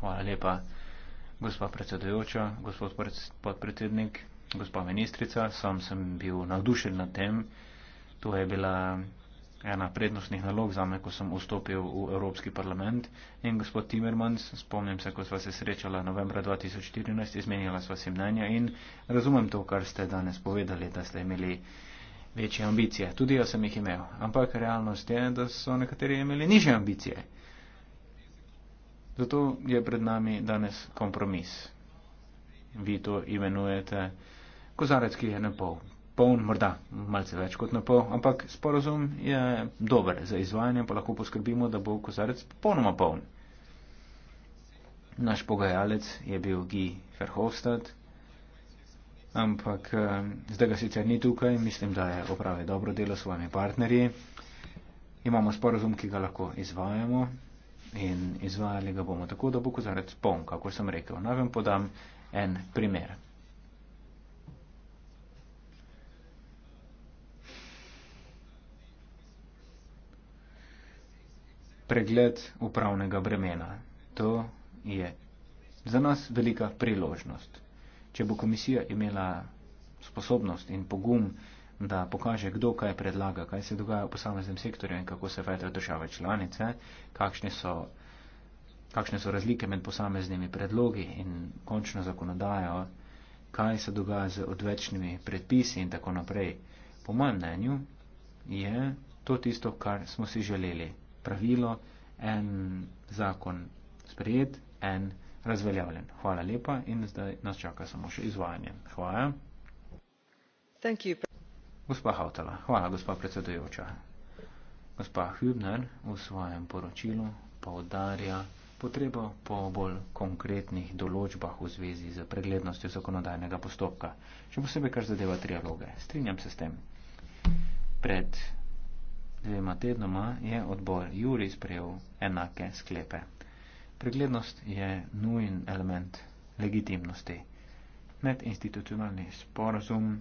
Hvala lepa, gospa predsedujoča, gospod podpredsednik, gospa ministrica. Sam sem bil navdušen nad tem. To je bila ena prednostnih nalog zame, ko sem vstopil v Evropski parlament in gospod Timmermans, spomnim se, ko sva se srečala novembra 2014, izmenjala sva si mnenja in razumem to, kar ste danes povedali, da ste imeli večje ambicije. Tudi jaz sem jih imel, ampak realnost je, da so nekateri imeli niže ambicije. Zato je pred nami danes kompromis. Vi to imenujete kozarec, ki je na pol pol, morda malce več kot na pol, ampak sporozum je dober za izvajanje, pa lahko poskrbimo, da bo kozarec popolnoma poln. Naš pogajalec je bil Guy Verhofstadt, ampak eh, zdaj ga sicer ni tukaj, mislim, da je opravil dobro delo s svojimi partnerji. Imamo sporozum, ki ga lahko izvajamo in izvajali ga bomo tako, da bo kozarec poln, kako sem rekel. Naj vam podam en primer. pregled upravnega bremena. To je za nas velika priložnost. Če bo komisija imela sposobnost in pogum, da pokaže, kdo kaj predlaga, kaj se dogaja v posameznem sektorju in kako se vedejo države članice, kakšne so, kakšne so razlike med posameznimi predlogi in končno zakonodajo, kaj se dogaja z odvečnimi predpisi in tako naprej. Po mojem mnenju je to tisto, kar smo si želeli pravilo, en zakon sprejet, en razveljavljen. Hvala lepa in zdaj nas čaka samo še izvajanje. Hvala. Thank you. Gospa Hautala, hvala gospa predsedujoča. Gospa Hübner v svojem poročilu poudarja potrebo po bolj konkretnih določbah v zvezi z preglednostjo zakonodajnega postopka, še posebej kar zadeva trialoge. Strinjam se s tem. Pred dvema tednoma je odbor Juri sprejel enake sklepe. Preglednost je nujen element legitimnosti. Medinstitucionalni sporazum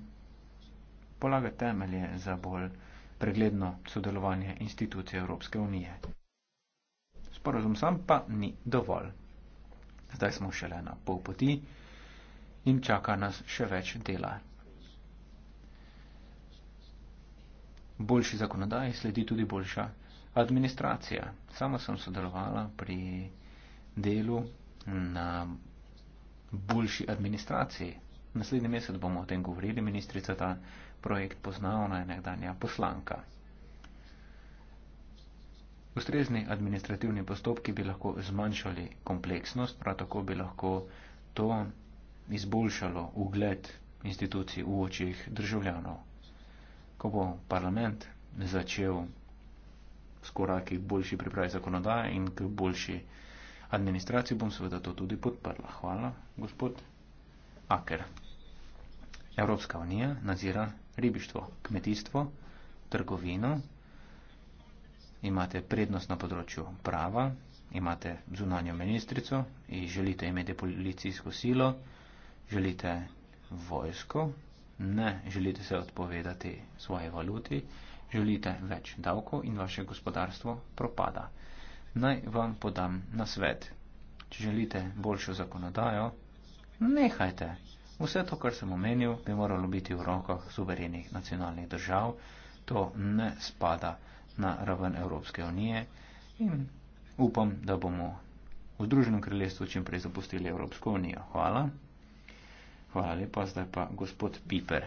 polaga temelje za bolj pregledno sodelovanje institucij Evropske unije. Sporazum sam pa ni dovolj. Zdaj smo šele na pol poti in čaka nas še več dela boljši zakonodaji sledi tudi boljša administracija. Sama sem sodelovala pri delu na boljši administraciji. Naslednji mesec bomo o tem govorili, ministrica ta projekt pozna, ona je nekdanja poslanka. Ustrezni administrativni postopki bi lahko zmanjšali kompleksnost, prav tako bi lahko to izboljšalo ugled institucij v očih državljanov ko bo parlament začel s koraki k boljši pripravi zakonodaje in k boljši administraciji, bom seveda to tudi podprla. Hvala, gospod Aker. Evropska unija nazira ribištvo, kmetijstvo, trgovino. Imate prednost na področju prava, imate zunanjo ministrico in želite imeti policijsko silo, želite vojsko, ne želite se odpovedati svoje valuti, želite več davkov in vaše gospodarstvo propada. Naj vam podam na svet. Če želite boljšo zakonodajo, nehajte. Vse to, kar sem omenil, bi moralo biti v rokah suverenih nacionalnih držav. To ne spada na raven Evropske unije in upam, da bomo v Združenem kraljestvu čim prej zapustili Evropsko unijo. Hvala. Hvala lepa, zdaj pa gospod Piper.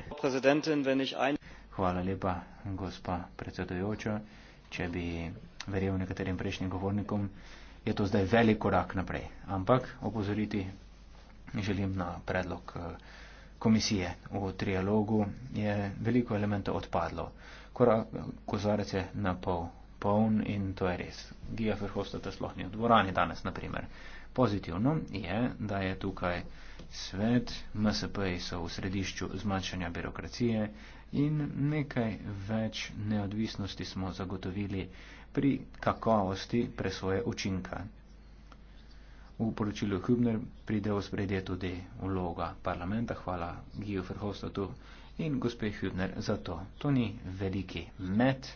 Hvala lepa, gospa predsedujoča. Če bi verjel nekaterim prejšnjim govornikom, je to zdaj velik korak naprej. Ampak opozoriti želim na predlog eh, komisije. V trialogu je veliko elementov odpadlo. Eh, kozarec je na pol poln in to je res. Gija Ferhostata sploh ni v dvorani danes, naprimer. Pozitivno je, da je tukaj svet, MSP-ji so v središču zmanjšanja birokracije in nekaj več neodvisnosti smo zagotovili pri kakovosti presoje učinka. V poročilu Hübner pride v spredje tudi vloga parlamenta, hvala Gijo Ferhostatu in gospe Hübner za to. To ni veliki met.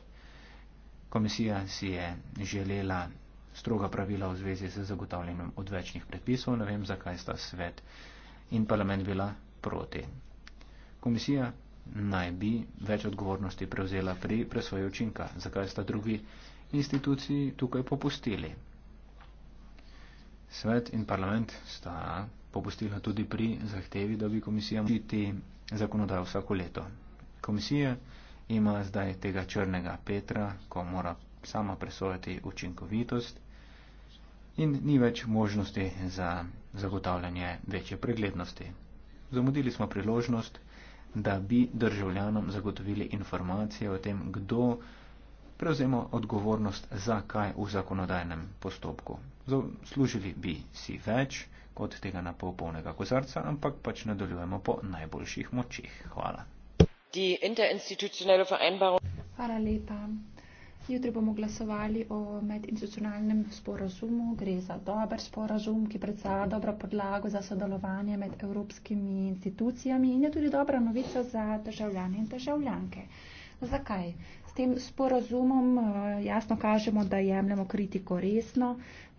Komisija si je želela stroga pravila v zvezi z zagotavljanjem odvečnih predpisov, ne vem, zakaj sta svet in parlament bila proti. Komisija naj bi več odgovornosti prevzela pri presvoji učinka, zakaj sta drugi instituciji tukaj popustili. Svet in parlament sta popustila tudi pri zahtevi, da bi komisija mogla zakonodajo vsako leto. Komisija ima zdaj tega črnega Petra, ko mora sama presojati učinkovitost in ni več možnosti za zagotavljanje večje preglednosti. Zamudili smo priložnost, da bi državljanom zagotovili informacije o tem, kdo prevzema odgovornost za kaj v zakonodajnem postopku. Služili bi si več kot tega na pol polnega kozarca, ampak pač nadaljujemo po najboljših močih. Hvala die interinstitutionelle Vereinbarung. Jutri bomo glasovali o medinstitucionalnem sporazumu. Gre za dober sporazum, ki predstavlja dobro podlago za sodelovanje med evropskimi institucijami in je tudi dobra novica za državljane in državljanke. Zakaj? tem sporazumom eh, jasno kažemo, da jemljamo kritiko resno,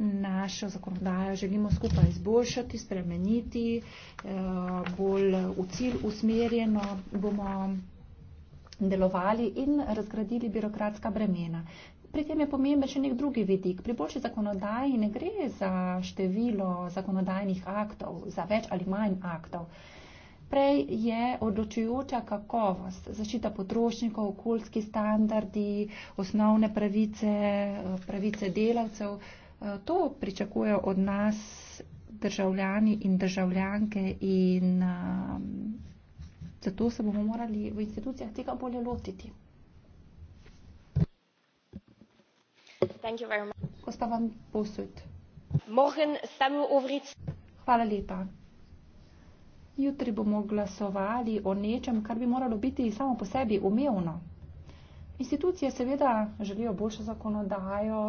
našo zakonodajo želimo skupaj izboljšati, spremeniti, eh, bolj v cilj usmerjeno bomo delovali in razgradili birokratska bremena. Pri tem je pomemben še nek drugi vidik. Pri boljši zakonodaji ne gre za število zakonodajnih aktov, za več ali manj aktov. Prej je odločujoča kakovost, zaščita potrošnikov, okoljski standardi, osnovne pravice, pravice delavcev. Eh, to pričakujejo od nas državljani in državljanke in um, zato se bomo morali v institucijah tega bolje lotiti. Gospa Van Posud. Hvala lepa. Jutri bomo glasovali o nečem, kar bi moralo biti samo po sebi umevno. Institucije seveda želijo boljšo zakonodajo,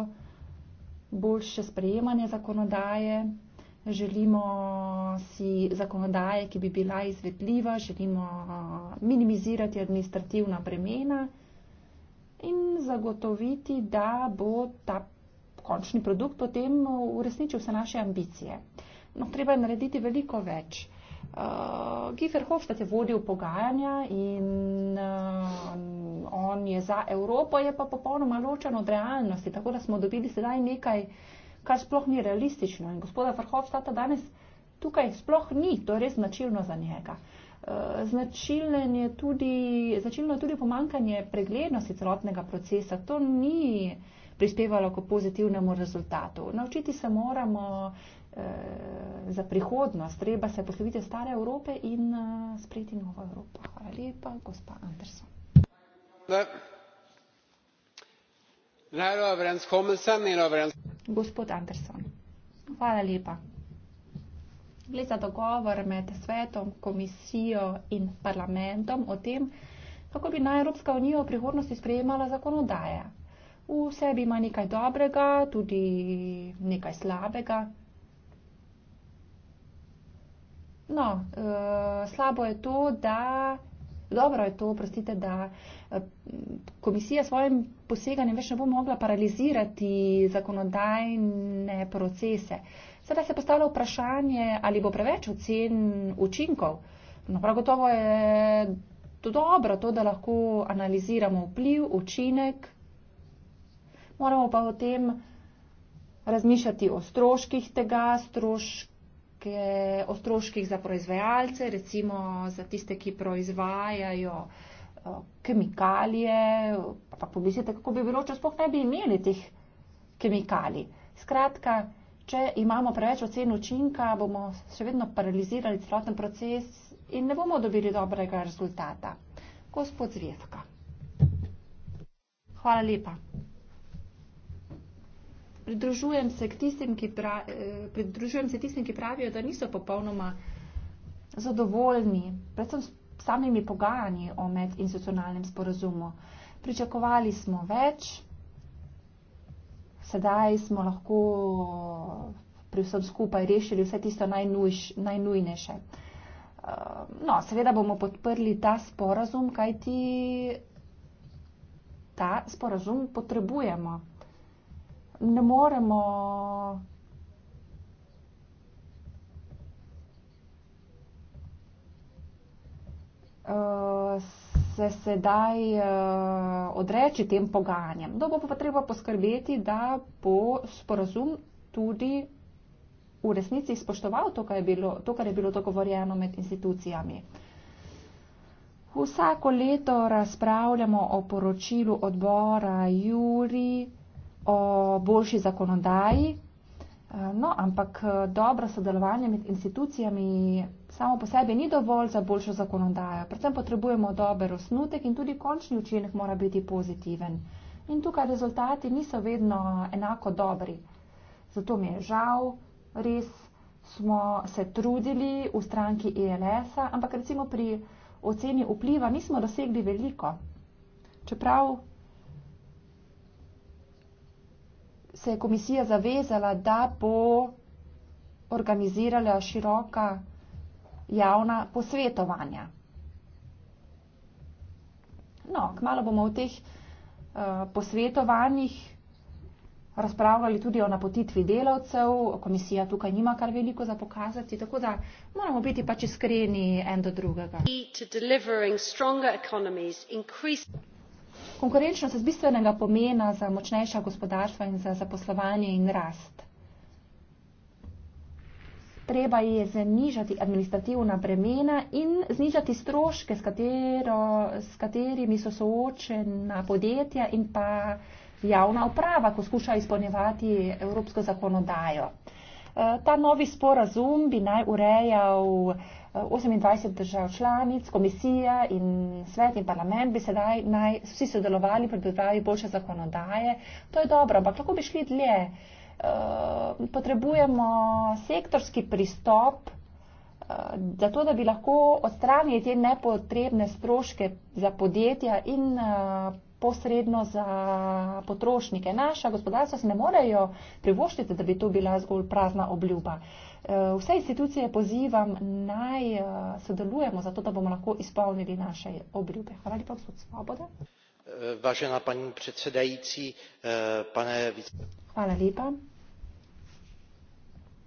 boljše sprejemanje zakonodaje, želimo si zakonodaje, ki bi bila izvedljiva, želimo minimizirati administrativna bremena in zagotoviti, da bo ta končni produkt potem uresničil vse naše ambicije. No, treba je narediti veliko več. Uh, eh, Giffer Hofstad je vodil pogajanja in uh, on je za Evropo, je pa popolnoma ločen od realnosti, tako da smo dobili sedaj nekaj, kar sploh ni realistično. In gospoda Verhofstata danes tukaj sploh ni, to je res značilno za njega. Eh, je tudi, značilno je tudi pomankanje preglednosti celotnega procesa. To ni prispevalo k pozitivnemu rezultatu. Naučiti se moramo, Eh, za prihodnost. Treba se posloviti stare Evrope in eh, sprejeti novo Evropo. Hvala lepa, gospa Anderson. Na overenskommelsen in overenskommelsen. Gospod Anderson, hvala lepa. Gre za dogovor med svetom, komisijo in parlamentom o tem, kako bi naj Evropska unija v prihodnosti sprejemala zakonodaje. V sebi ima nekaj dobrega, tudi nekaj slabega. No, uh, slabo je to, da. Dobro je to, prostite, da eh, komisija svojim poseganjem več ne bo mogla paralizirati zakonodajne procese. Sedaj se postavlja vprašanje, ali bo preveč ocen učinkov. No, prav gotovo je to dobro, to, da lahko analiziramo vpliv, učinek. Moramo pa o tem razmišljati o stroških tega, stroških neke otroških za proizvajalce, recimo za tiste, ki proizvajajo eh, kemikalije, pa pomislite, kako bi bilo, če spoh ne bi imeli teh kemikalij. Skratka, če imamo preveč ocen učinka, bomo še vedno paralizirali celoten proces in ne bomo dobili dobrega rezultata. Gospod Zvjetka. Hvala lepa pridružujem se, tistim, pra, eh, pridružujem se tistim, ki pravijo, da niso popolnoma zadovoljni, predvsem s samimi pogajanji o medinstitucionalnem sporazumu. Pričakovali smo več, sedaj smo lahko pri vsem skupaj rešili vse tisto najnujš, najnujnejše. Eh, no, seveda bomo podprli ta sporazum, kaj ti ta sporazum potrebujemo ne moremo eh, se sedaj eh, odreči tem pogajanjem. Dobro pa treba poskrbeti, da bo sporazum tudi v resnici spoštoval to, kar je bilo, to, kar je bilo dogovorjeno med institucijami. Vsako leto razpravljamo o poročilu odbora Juri o boljši zakonodaji. Eh, no, ampak eh, dobro sodelovanje med institucijami samo po sebi ni dovolj za boljšo zakonodajo. Predvsem potrebujemo dober osnutek in tudi končni učinek mora biti pozitiven. In tukaj rezultati niso vedno enako dobri. Zato mi je žal, res smo se trudili v stranki ELS-a, ampak recimo pri oceni vpliva nismo dosegli veliko. Čeprav se je komisija zavezala, da bo organizirala široka javna posvetovanja. No, kmalo bomo v teh uh, posvetovanjih razpravljali tudi o napotitvi delavcev. Komisija tukaj nima kar veliko za pokazati, tako da moramo biti pač iskreni en do drugega. Konkurenčnost je bistvenega pomena za močnejša gospodarstva in za zaposlovanje in rast. Treba je znižati administrativna bremena in znižati stroške, s, katero, s katerimi so soočena podjetja in pa javna uprava, ko skuša izpolnjevati evropsko zakonodajo. Eh, ta novi sporazum bi naj urejal uh, 28 držav članic, komisija in svet in parlament bi sedaj naj vsi sodelovali pri pripravi boljše zakonodaje. To je dobro, ampak lahko bi šli dlje. Eh, potrebujemo sektorski pristop, eh, zato da bi lahko odstranili te nepotrebne stroške za podjetja in eh, posredno za potrošnike. Naša gospodarstva se ne morejo privoščiti, da bi to bila zgolj prazna obljuba. Uh, Eh, vse institucije pozivam naj eh, sodelujemo, zato da bomo lahko izpolnili naše obljube. Hvala lepa, gospod Svoboda. Eh, vážená paní předsedající, pane vice... Hvala lepa.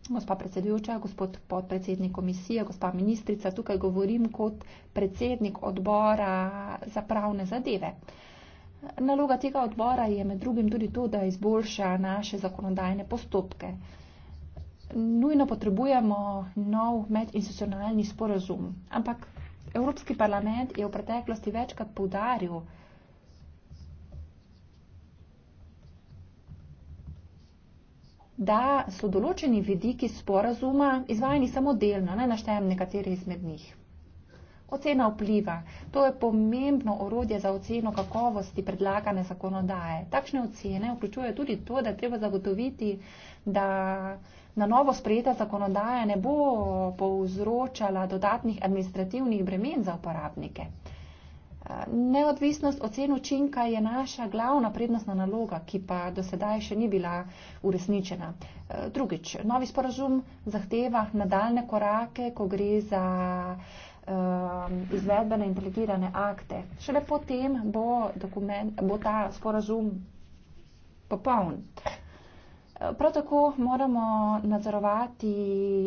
Gospa predsedujoča, gospod podpredsednik komisije, gospa ministrica, tukaj govorim kot predsednik odbora za pravne zadeve. Naloga tega odbora je med drugim tudi to, da izboljša naše zakonodajne postopke nujno potrebujemo nov medinstitucionalni sporozum. Ampak Evropski parlament je v preteklosti večkrat poudaril, da so določeni vidiki sporazuma izvajani samo delno, naj ne naštejem nekateri izmed njih. Ocena vpliva. To je pomembno orodje za oceno kakovosti predlagane zakonodaje. Takšne ocene vključujejo tudi to, da treba zagotoviti, da na novo sprejeta zakonodaja ne bo povzročala dodatnih administrativnih bremen za uporabnike. Neodvisnost ocen učinka je naša glavna prednostna naloga, ki pa do sedaj še ni bila uresničena. Drugič, novi sporazum zahteva nadaljne korake, ko gre za Um, izvedbene in delegirane akte. Šele potem bo, dokument, bo ta sporazum popoln. Prav tako moramo nadzorovati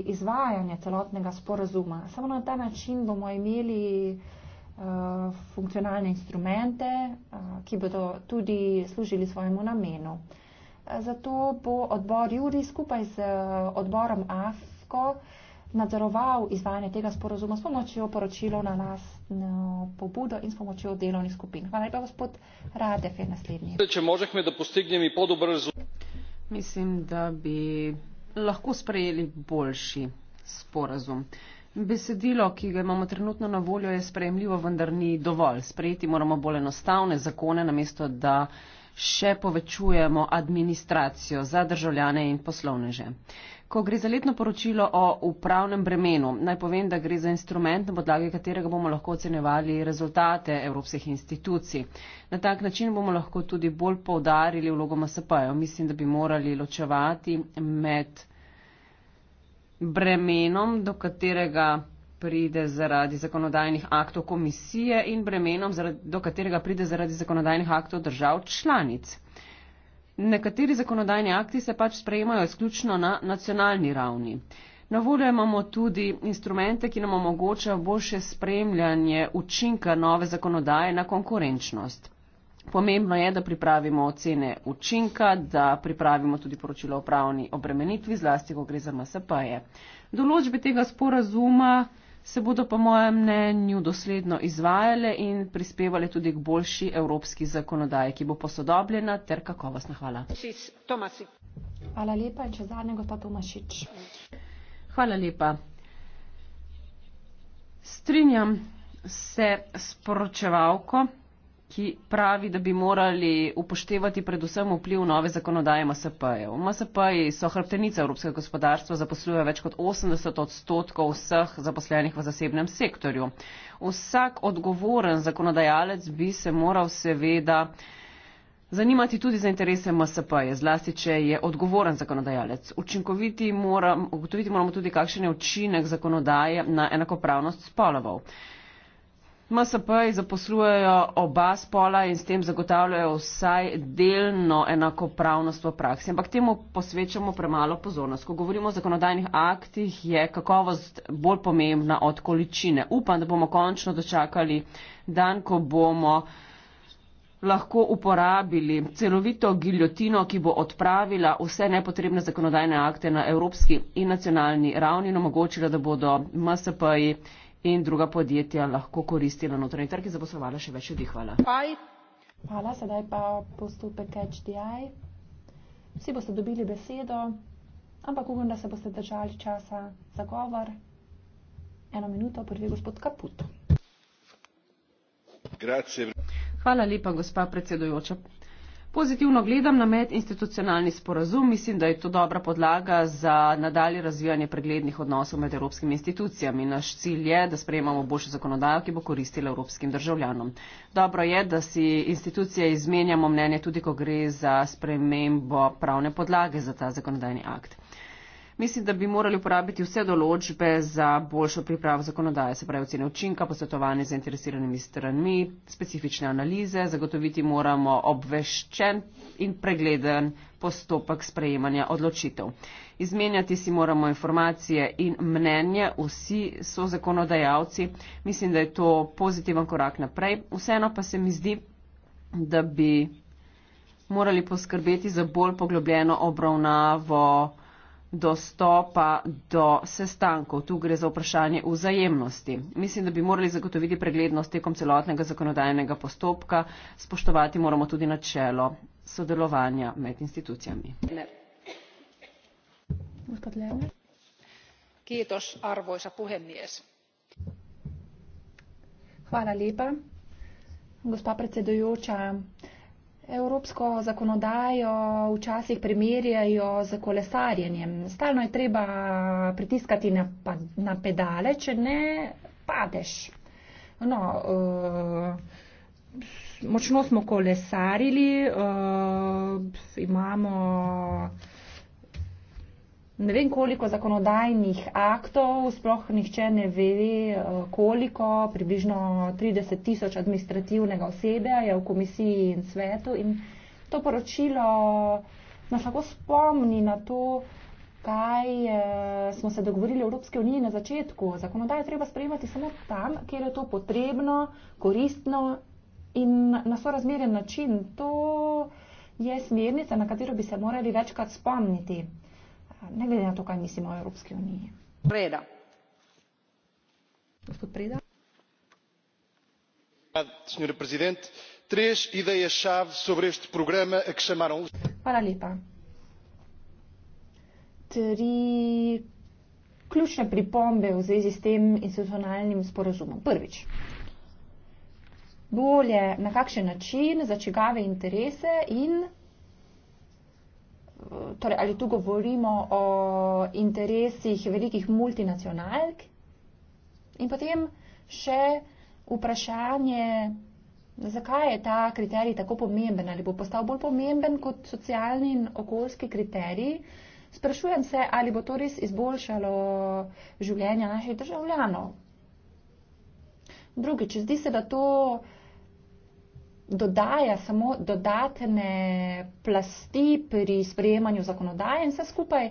izvajanje celotnega sporazuma. Samo na ta način bomo imeli uh, funkcionalne instrumente, uh, ki bodo tudi služili svojemu namenu. Zato bo odbor Juri skupaj z odborom AFKO uh, nadzoroval izvajanje tega sporozuma s pomočjo poročilov na lastno pobudo in s pomočjo delovnih skupin. Hvala lepa, gospod Radef, je naslednji. Če možeh me, da postignem in podobro razumem. Mislim, da bi lahko sprejeli boljši sporozum. Besedilo, ki ga imamo trenutno na voljo, je sprejemljivo, vendar ni dovolj. Sprejeti moramo bolj enostavne zakone, namesto da še povečujemo administracijo za državljane in poslovneže. Ko gre za letno poročilo o upravnem bremenu, naj povem, da gre za instrument, na podlagi katerega bomo lahko ocenevali rezultate evropskih institucij. Na tak način bomo lahko tudi bolj poudarili vlogo MSP-ja. Mislim, da bi morali ločevati med bremenom, do katerega pride zaradi zakonodajnih aktov komisije in bremenom, do katerega pride zaradi zakonodajnih aktov držav članic nekateri zakonodajni akti se pač sprejemajo izključno na nacionalni ravni. Na voljo imamo tudi instrumente, ki nam omogočajo boljše spremljanje učinka nove zakonodaje na konkurenčnost. Pomembno je, da pripravimo ocene učinka, da pripravimo tudi poročilo o pravni obremenitvi, zlasti, ko gre za MSP-je. Določbe tega sporazuma se bodo po mojem mnenju dosledno izvajale in prispevale tudi k boljši evropski zakonodaji, ki bo posodobljena ter kakovostna. Hvala. Hvala lepa in če zadnje, gospod Tomašič. Hvala lepa. Strinjam se s poročevalko ki pravi, da bi morali upoštevati predvsem vpliv nove zakonodaje MSP-jev. MSP-ji so hrbtenice evropskega gospodarstva, zaposlujejo več kot 80 odstotkov vseh zaposlenih v zasebnem sektorju. Vsak odgovoren zakonodajalec bi se moral seveda zanimati tudi za interese MSP-je, zlasti, če je odgovoren zakonodajalec. Učinkoviti moramo, ugotoviti moramo tudi, kakšen je učinek zakonodaje na enakopravnost spolovov. MSP-ji zaposlujejo oba spola in s tem zagotavljajo vsaj delno enakopravnost v praksi, ampak temu posvečamo premalo pozornost. Ko govorimo o zakonodajnih aktih, je kakovost bolj pomembna od količine. Upam, da bomo končno dočakali dan, ko bomo lahko uporabili celovito giljotino, ki bo odpravila vse nepotrebne zakonodajne akte na evropski in nacionalni ravni in omogočila, da bodo MSP-ji in druga podjetja lahko koristila notranji trg in zaposlovala še več ljudi. Hvala. Bye. Hvala, sedaj pa postopek HDI. Vsi boste dobili besedo, ampak upam, da se boste držali časa za govor. Eno minuto, prvi gospod Kaput. Grazie. Hvala lepa, gospa predsedujoča. Pozitivno gledam na medinstitucionalni sporazum, mislim, da je to dobra podlaga za nadalje razvijanje preglednih odnosov med evropskimi institucijami. Naš cilj je, da sprejemamo boljšo zakonodajo, ki bo koristila evropskim državljanom. Dobro je, da si institucije izmenjamo mnenje tudi, ko gre za spremembo pravne podlage za ta zakonodajni akt. Mislim, da bi morali uporabiti vse določbe za boljšo pripravo zakonodaje, se pravi ocene učinka, posvetovanje z zainteresiranimi stranmi, specifične analize, zagotoviti moramo obveščen in pregleden postopek sprejemanja odločitev. Izmenjati si moramo informacije in mnenje, vsi so zakonodajalci. Mislim, da je to pozitiven korak naprej. Vseeno pa se mi zdi, da bi morali poskrbeti za bolj poglobljeno obravnavo dostopa do sestankov. Tu gre za vprašanje vzajemnosti. Mislim, da bi morali zagotoviti preglednost tekom celotnega zakonodajnega postopka, spoštovati moramo tudi načelo sodelovanja med institucijami. Hvala lepa, gospa predsedujoča. Evropsko zakonodajo včasih primerjajo z kolesarjenjem. Stalno je treba pritiskati na, na pedale, če ne padeš. No, uh, močno smo kolesarili, uh, imamo ne vem koliko zakonodajnih aktov, sploh nihče ne ve eh, koliko, približno 30 tisoč administrativnega osebe je v komisiji in svetu in to poročilo nas lahko spomni na to, kaj eh, smo se dogovorili v Evropske unije na začetku. Zakonodajo treba sprejemati samo tam, kjer je to potrebno, koristno in na sorazmeren način. To je smernica, na katero bi se morali večkrat spomniti ne glede na to, kaj mislimo o Evropski uniji. Preda. Gospod Preda. Senhor Presidente, três ideias-chave sobre este programa a que chamaram. Para lipa. Tri. Ključne pripombe v zvezi s tem institucionalnim sporozumom. Prvič, bolje na kakšen način, za čigave interese in torej ali tu govorimo o interesih velikih multinacionalk in potem še vprašanje, zakaj je ta kriterij tako pomemben ali bo postal bolj pomemben kot socialni in okoljski kriterij. Sprašujem se, ali bo to res izboljšalo življenje naših državljanov. Drugič, zdi se, da to dodaja samo dodatne plasti pri sprejemanju zakonodaje in vse skupaj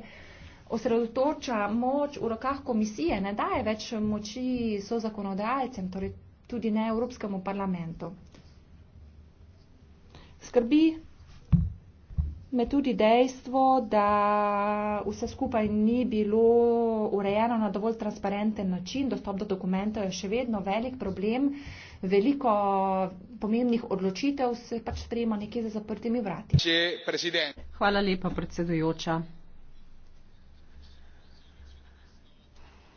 osredotoča moč v rokah komisije, ne daje več moči so zakonodajcem, torej tudi ne Evropskemu parlamentu. Skrbi me tudi dejstvo, da vse skupaj ni bilo urejeno na dovolj transparenten način, dostop do dokumentov je še vedno velik problem veliko pomembnih odločitev se pač sprejema nekje za zaprtimi vrati. Hvala lepa, predsedujoča.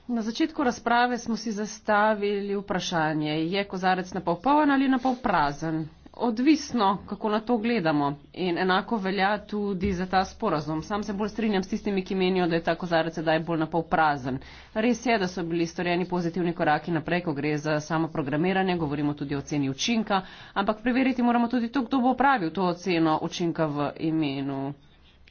Na začetku razprave smo si zastavili vprašanje, je kozarec napol poln ali napol prazen odvisno, kako na to gledamo. In enako velja tudi za ta sporazum. Sam se bolj strinjam s tistimi, ki menijo, da je ta kozarec zdaj bolj na pol prazen. Res je, da so bili storjeni pozitivni koraki naprej, ko gre za samo programiranje, govorimo tudi o ceni učinka, ampak preveriti moramo tudi to, kdo bo pravil to oceno učinka v imenu.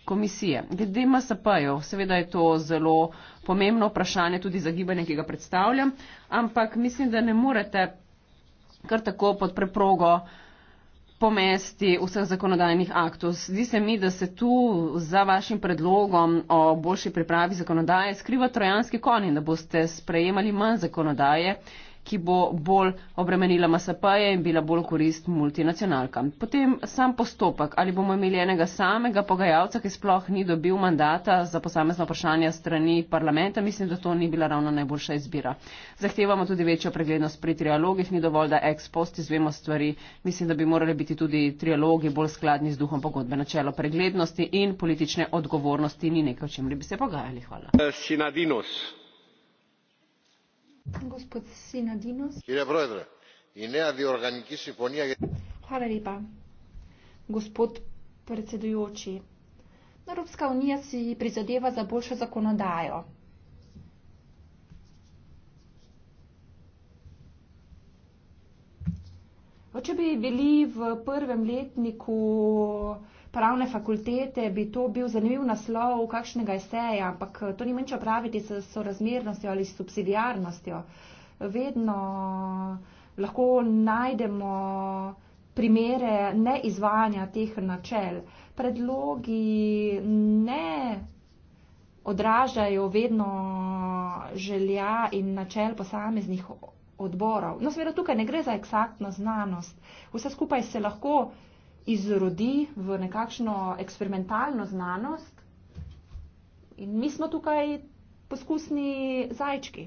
Komisije. Glede MSP-jev, seveda je to zelo pomembno vprašanje tudi za gibanje, ki ga predstavljam, ampak mislim, da ne morete kar tako pod preprogo uh, pomesti vseh zakonodajnih aktov. Zdi se mi, da se tu za vašim predlogom o boljši pripravi zakonodaje skriva trojanski konj in da boste sprejemali manj zakonodaje, ki bo bolj obremenila MSP-je in bila bolj korist multinacionalkam. Potem sam postopek, ali bomo imeli enega samega pogajalca, ki sploh ni dobil mandata za posamezno vprašanje strani parlamenta, mislim, da to ni bila ravno najboljša izbira. Zahtevamo tudi večjo preglednost pri trialogih, ni dovolj, da ex post izvemo stvari, mislim, da bi morali biti tudi trialogi bolj skladni z duhom pogodbe. Načelo preglednosti in politične odgovornosti ni nekaj, o čem bi se pogajali. Hvala. Sinadinos. Kje je brojdre? Ineja diorganiki simfonija je. Hvala lepa. Gospod predsedujoči, Evropska unija si prizadeva za boljšo zakonodajo. Če bi bili v prvem letniku pravne fakultete, bi to bil zanimiv naslov kakšnega eseja, ampak eh, to ni manjče opraviti s sorazmernostjo ali subsidijarnostjo. Vedno eh, lahko najdemo primere neizvajanja teh načel. Predlogi ne odražajo vedno eh, želja in načel posameznih odborov. No, seveda tukaj ne gre za eksaktno znanost. Vse skupaj se lahko izrodi v nekakšno eksperimentalno znanost. In mi smo tukaj poskusni zajčki.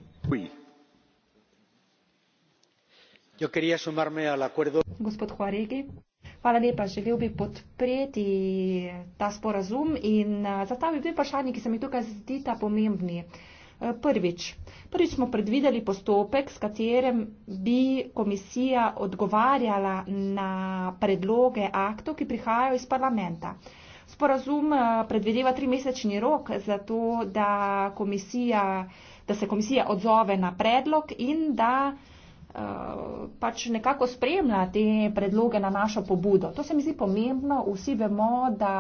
Gospod Huaregi, hvala lepa, želel bi podpreti ta sporazum in eh, zastavil dve vprašanje, ki se mi tukaj zdi ta pomembni. Uh, Eh, prvič. Prvič smo predvideli postopek, s katerem bi komisija odgovarjala na predloge aktov, ki prihajajo iz parlamenta. Sporazum eh, predvideva tri mesečni rok za to, da, da se komisija odzove na predlog in da eh, pač nekako spremlja te predloge na našo pobudo. To se mi zdi pomembno. Vsi vemo, da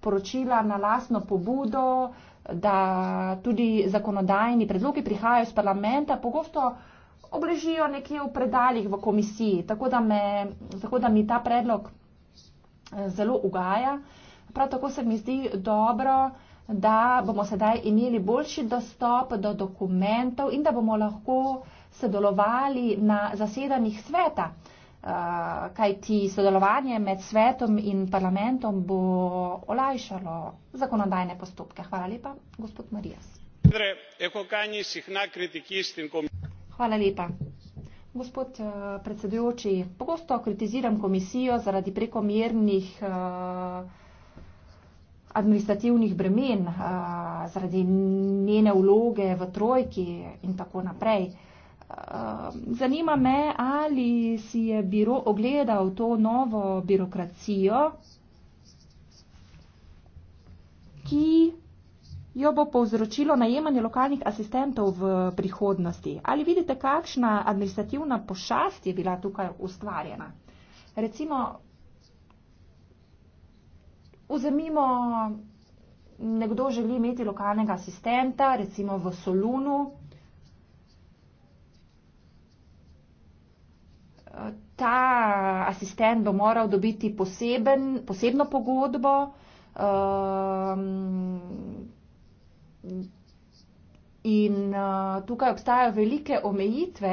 poročila na lasno pobudo uh, da tudi zakonodajni predlogi prihajajo iz parlamenta, pogosto obležijo nekje v predaljih v komisiji. Tako da, me, tako da mi ta predlog eh, zelo ugaja. Prav tako se mi zdi dobro, da bomo sedaj imeli boljši dostop do dokumentov in da bomo lahko sodelovali na zasedanjih sveta. Uh, Eh, kajti sodelovanje med svetom in parlamentom bo olajšalo zakonodajne postopke. Hvala lepa, gospod Marijas. Hvala lepa. Gospod eh, predsedujoči, pogosto kritiziram komisijo zaradi prekomernih eh, administrativnih bremen, zaradi njene vloge v trojki in tako naprej. Ehm, zanima me, ali si je biro ogledal to novo birokracijo, ki jo bo povzročilo najemanje lokalnih asistentov v prihodnosti. Ali vidite, kakšna administrativna pošast je bila tukaj ustvarjena? Recimo, vzemimo, nekdo želi imeti lokalnega asistenta, recimo v Solunu, ta asistent bo moral dobiti poseben, posebno pogodbo, um, in uh, tukaj obstajajo velike omejitve,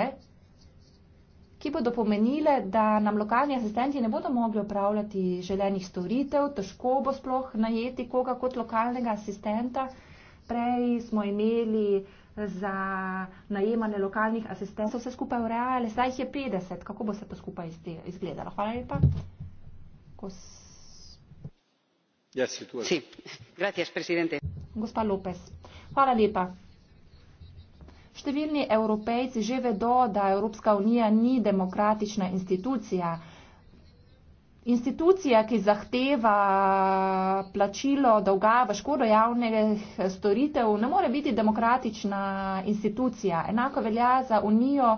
ki bodo pomenile, da nam lokalni asistenti ne bodo mogli upravljati želenih storitev, težko bo sploh najeti koga kot lokalnega asistenta. Prej smo imeli uh, za najemanje lokalnih asistentov vse skupaj urejali, zdaj jih je 50. Kako bo se to skupaj izgledalo? Hvala lepa. Gospa Lopez, hvala lepa. Številni evropejci že vedo, da Evropska unija ni demokratična institucija institucija, ki zahteva plačilo dolga v škodo javnih storitev, ne more biti demokratična institucija. Enako velja za unijo,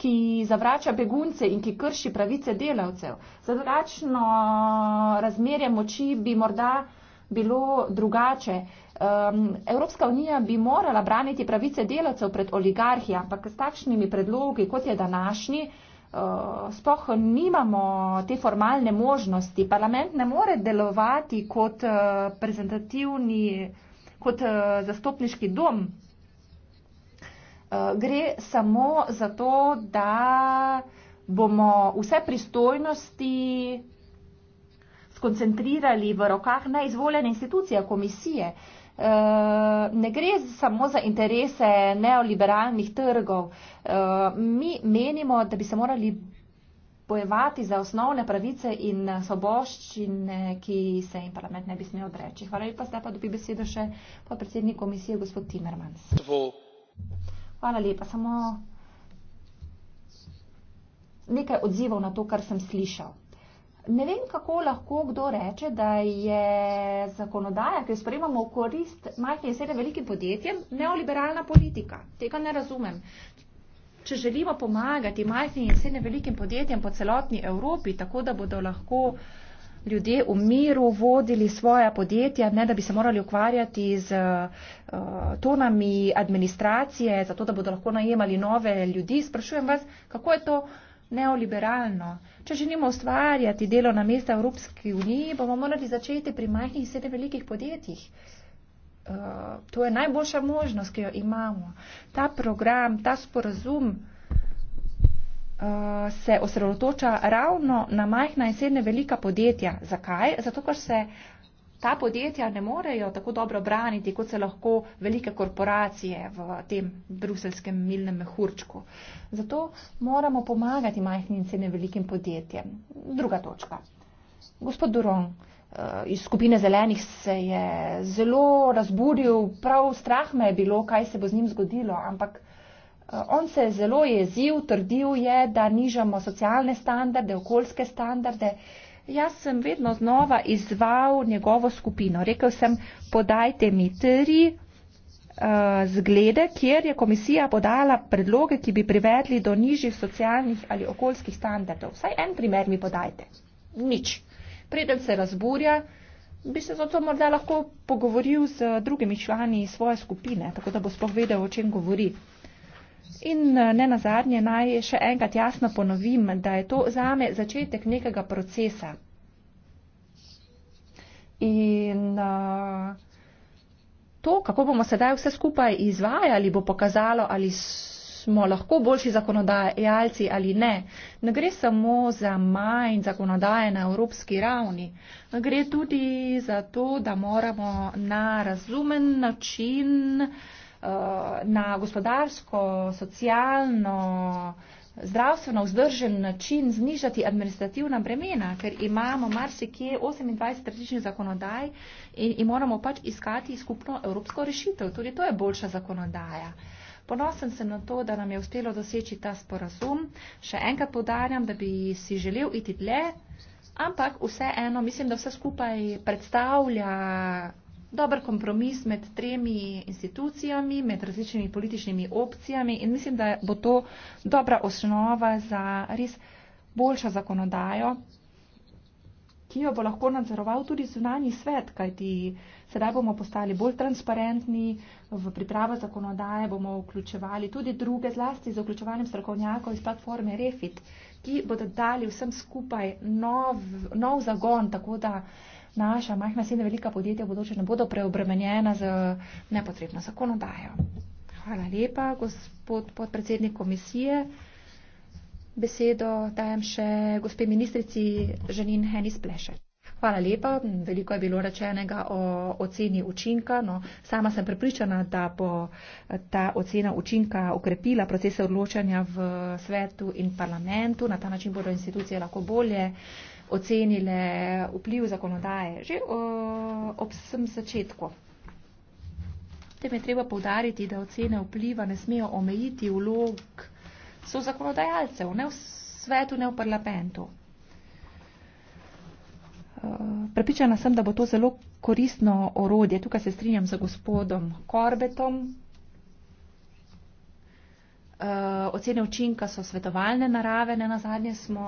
ki zavrača begunce in ki krši pravice delavcev. Zavračno razmerje moči bi morda bilo drugače. Um, Evropska unija bi morala braniti pravice delavcev pred oligarhijo, ampak s takšnimi predlogi, kot je današnji, Eh, sploh nimamo te formalne možnosti. Parlament ne more delovati kot eh, reprezentativni, kot eh, zastopniški dom. Gre samo za to, da bomo vse pristojnosti skoncentrirali v rokah neizvoljene institucije, komisije. Uh, Eh, ne gre samo za interese neoliberalnih trgov. Eh, mi menimo, da bi se morali bojevati za osnovne pravice in soboščine, ki se jim parlament ne bi smel odreči. Hvala lepa, zdaj pa dobi besedo še podpredsednik komisije, gospod Timmermans. Hvala lepa, samo nekaj odzivov na to, kar sem slišal ne vem, kako lahko kdo reče, da je zakonodaja, ki jo sprejemamo v korist majhnim in srednjim velikim podjetjem, neoliberalna politika. Tega ne razumem. Če želimo pomagati majhnim in srednjim velikim podjetjem po celotni Evropi, tako da bodo lahko ljudje v miru vodili svoja podjetja, ne da bi se morali ukvarjati z uh, tonami administracije, zato da bodo lahko najemali nove ljudi, sprašujem vas, kako je to neoliberalno. Če želimo ustvarjati delo na mesta Evropske unije, bomo morali začeti pri majhnih in srednjih velikih podjetjih. Uh, to je najboljša možnost, ki jo imamo. Ta program, ta sporazum uh, se osredotoča ravno na majhna in srednje velika podjetja. Zakaj? Zato, ker se uh, ta podjetja ne morejo tako dobro braniti, kot se lahko velike korporacije v tem bruselskem milnem mehurčku. Zato moramo pomagati majhnim in srednjim velikim podjetjem. Druga točka. Gospod Duron eh, iz skupine zelenih se je zelo razburil, prav strah me je bilo, kaj se bo z njim zgodilo, ampak eh, on se je zelo jezil, trdil je, da nižamo socialne standarde, okoljske standarde. Jaz sem vedno znova izval njegovo skupino. Rekel sem, podajte mi tri uh, zglede, kjer je komisija podala predloge, ki bi privedli do nižjih socialnih ali okoljskih standardov. Vsaj en primer mi podajte. Nič. Preden se razburja, bi se zato morda lahko pogovoril z drugimi člani svoje skupine, tako da bo sploh vedel, o čem govori. In eh, ne na zadnje, naj še enkrat jasno ponovim, da je to zame začetek nekega procesa. In eh, to, kako bomo sedaj vse skupaj izvajali, bo pokazalo, ali smo lahko boljši zakonodajalci ali ne. Ne gre samo za manj zakonodaje na evropski ravni. Gre tudi za to, da moramo na razumen način. Eh, na gospodarsko, socialno, zdravstveno vzdržen način znižati administrativna bremena, ker imamo marsikje 28 različnih zakonodaj in, in moramo pač iskati skupno evropsko rešitev. Tudi to je boljša zakonodaja. Ponosen sem na to, da nam je uspelo doseči ta sporazum. Še enkrat podarjam, da bi si želel iti dlje, ampak vseeno mislim, da vse skupaj predstavlja dober kompromis med tremi institucijami, med različnimi političnimi opcijami in mislim, da bo to dobra osnova za res boljšo zakonodajo, ki jo bo lahko nadzoroval tudi zunanji svet, kajti sedaj bomo postali bolj transparentni v pripravo zakonodaje, bomo vključevali tudi druge zlasti z vključevanjem strokovnjakov iz platforme Refit, ki bodo dali vsem skupaj nov, nov zagon, tako da naša majhna sedem velika podjetja v bodoče ne bodo preobremenjena z nepotrebno zakonodajo. Hvala lepa, gospod podpredsednik komisije. Besedo dajem še gospe ministrici Ženin Henis Pleše. Hvala lepa, veliko je bilo rečenega o oceni učinka. No, sama sem prepričana, da bo ta ocena učinka ukrepila procese odločanja v svetu in parlamentu. Na ta način bodo institucije lahko bolje ocenile vpliv zakonodaje že ob vsem začetku. Tem je treba povdariti, da ocene vpliva ne smejo omejiti vlog so zakonodajalcev, ne v svetu, ne v parlamentu. E, prepričana sem, da bo to zelo koristno orodje. Tukaj se strinjam z gospodom Korbetom. E, ocene učinka so svetovalne narave, ne na zadnje smo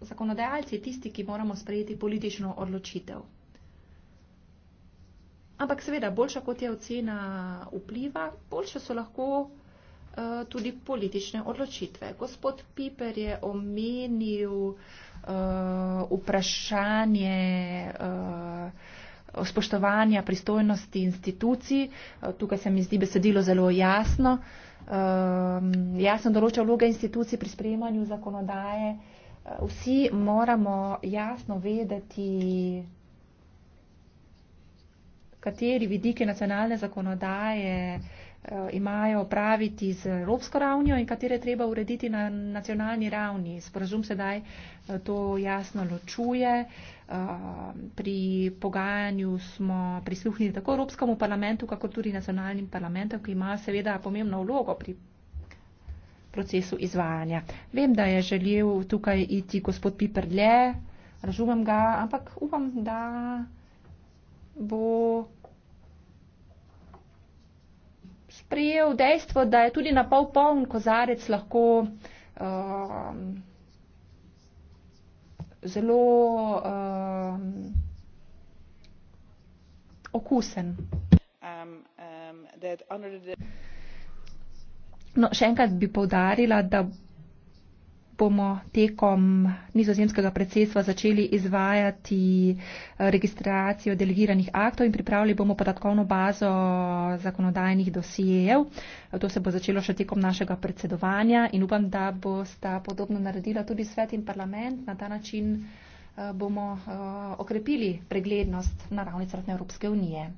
zakonodajalci tisti, ki moramo sprejeti politično odločitev. Ampak seveda, boljša kot je ocena vpliva, boljše so lahko eh, tudi politične odločitve. Gospod Piper je omenil uh, vprašanje uh, spoštovanja pristojnosti institucij. Tukaj se mi zdi besedilo zelo jasno. Uh, jasno določa vloga institucij pri sprejemanju zakonodaje uh, vsi moramo jasno vedeti, kateri vidiki nacionalne zakonodaje eh, imajo opraviti z evropsko ravnjo in katere treba urediti na nacionalni ravni. Sporazum sedaj eh, to jasno ločuje. Eh, pri pogajanju smo prisluhnili tako Evropskemu parlamentu, kako tudi nacionalnim parlamentom, ki imajo seveda pomembno vlogo pri procesu izvajanja. Vem, da je želel tukaj iti gospod Piper dlje, razumem ga, ampak upam, da bo sprejel dejstvo, da je tudi na pol poln kozarec lahko um, zelo um, okusen. Um, um, No, še enkrat bi povdarila, da bomo tekom nizozemskega predsedstva začeli izvajati eh, registracijo delegiranih aktov in pripravili bomo podatkovno bazo zakonodajnih dosijejev. To se bo začelo še tekom našega predsedovanja in upam, da bo sta podobno naredila tudi svet in parlament. Na ta način eh, bomo eh, okrepili preglednost na ravni celotne Evropske unije.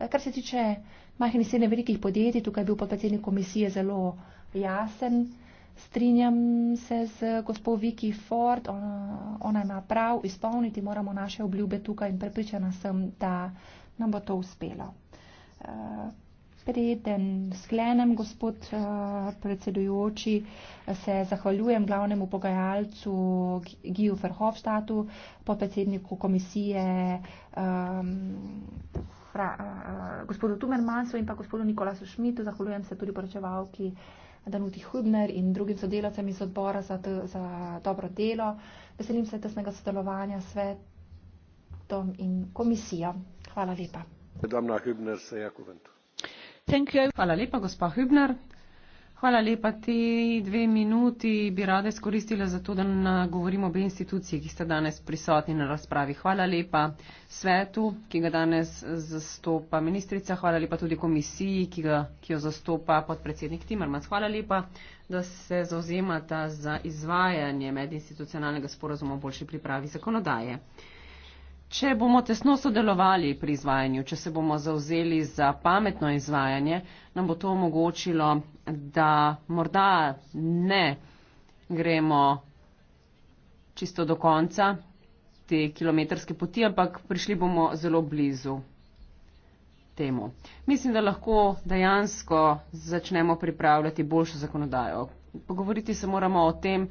Eh, kar se tiče majhne sedne velikih podjetij, tukaj je bil podpredsednik komisije zelo jasen. Strinjam se z gospod Viki Ford, ona ima prav, izpolniti moramo naše obljube tukaj in prepričana sem, da nam bo to uspelo. Eh, preden sklenem, gospod eh, predsedujoči, se zahvaljujem glavnemu pogajalcu Giju Ferhofstatu, podpredsedniku komisije. Um, fra, uh, gospodu Tumermansu in pa gospodu Nikolasu Šmitu. Zahvaljujem se tudi poročevalki Danuti Hübner in drugim sodelavcem iz odbora za, t, za dobro delo. Veselim se tesnega sodelovanja s svetom in komisijo. Hvala lepa. Hübner, Hvala lepa, gospod Hübner. Hvala lepa. Ti dve minuti bi rada izkoristila za to, da nagovorim obe instituciji, ki sta danes prisotni na razpravi. Hvala lepa svetu, ki ga danes zastopa ministrica. Hvala lepa tudi komisiji, ki, ga, ki jo zastopa podpredsednik Timrmans. Hvala lepa, da se zauzemata za izvajanje medinstitucionalnega sporazuma o boljši pripravi zakonodaje. Če bomo tesno sodelovali pri izvajanju, če se bomo zauzeli za pametno izvajanje, nam bo to omogočilo, da morda ne gremo čisto do konca te kilometrske poti, ampak prišli bomo zelo blizu temu. Mislim, da lahko dejansko začnemo pripravljati boljšo zakonodajo. Pogovoriti se moramo o tem,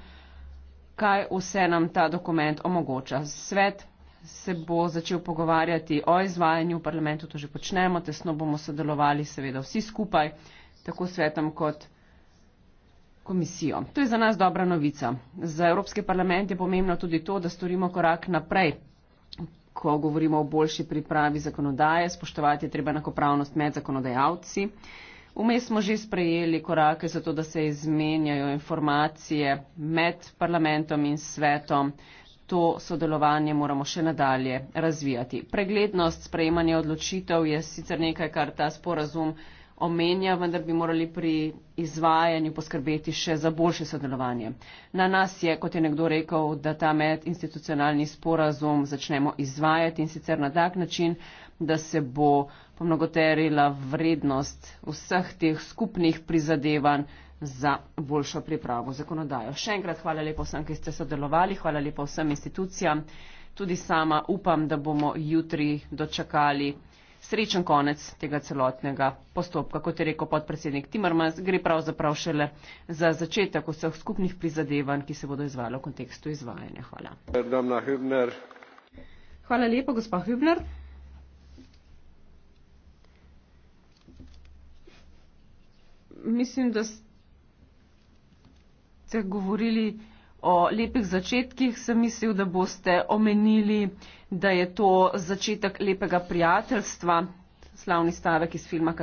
kaj vse nam ta dokument omogoča. Svet se bo začel pogovarjati o izvajanju v parlamentu, to že počnemo, tesno bomo sodelovali seveda vsi skupaj, tako svetom kot komisijo. To je za nas dobra novica. Za Evropski parlament je pomembno tudi to, da storimo korak naprej, ko govorimo o boljši pripravi zakonodaje, spoštovati je treba enakopravnost med zakonodajalci. Vmes smo že sprejeli korake za to, da se izmenjajo informacije med parlamentom in svetom, To sodelovanje moramo še nadalje razvijati. Preglednost sprejemanja odločitev je sicer nekaj, kar ta sporazum omenja, vendar bi morali pri izvajanju poskrbeti še za boljše sodelovanje. Na nas je, kot je nekdo rekel, da ta medinstitucionalni sporazum začnemo izvajati in sicer na tak način, da se bo pomnogoterila vrednost vseh teh skupnih prizadevanj za boljšo pripravo zakonodajo. Še enkrat hvala lepo vsem, ki ste sodelovali, hvala lepo vsem institucijam. Tudi sama upam, da bomo jutri dočakali srečen konec tega celotnega postopka. Kot je rekel podpredsednik Timrmas, gre pravzaprav šele za začetek vseh skupnih prizadevanj, ki se bodo izvajali v kontekstu izvajanja. Hvala. Hvala lepo, gospod Hübner. Mislim, da ste ste govorili o lepih začetkih, sem mislil, da boste omenili, da je to začetek lepega prijateljstva, slavni stavek iz filma.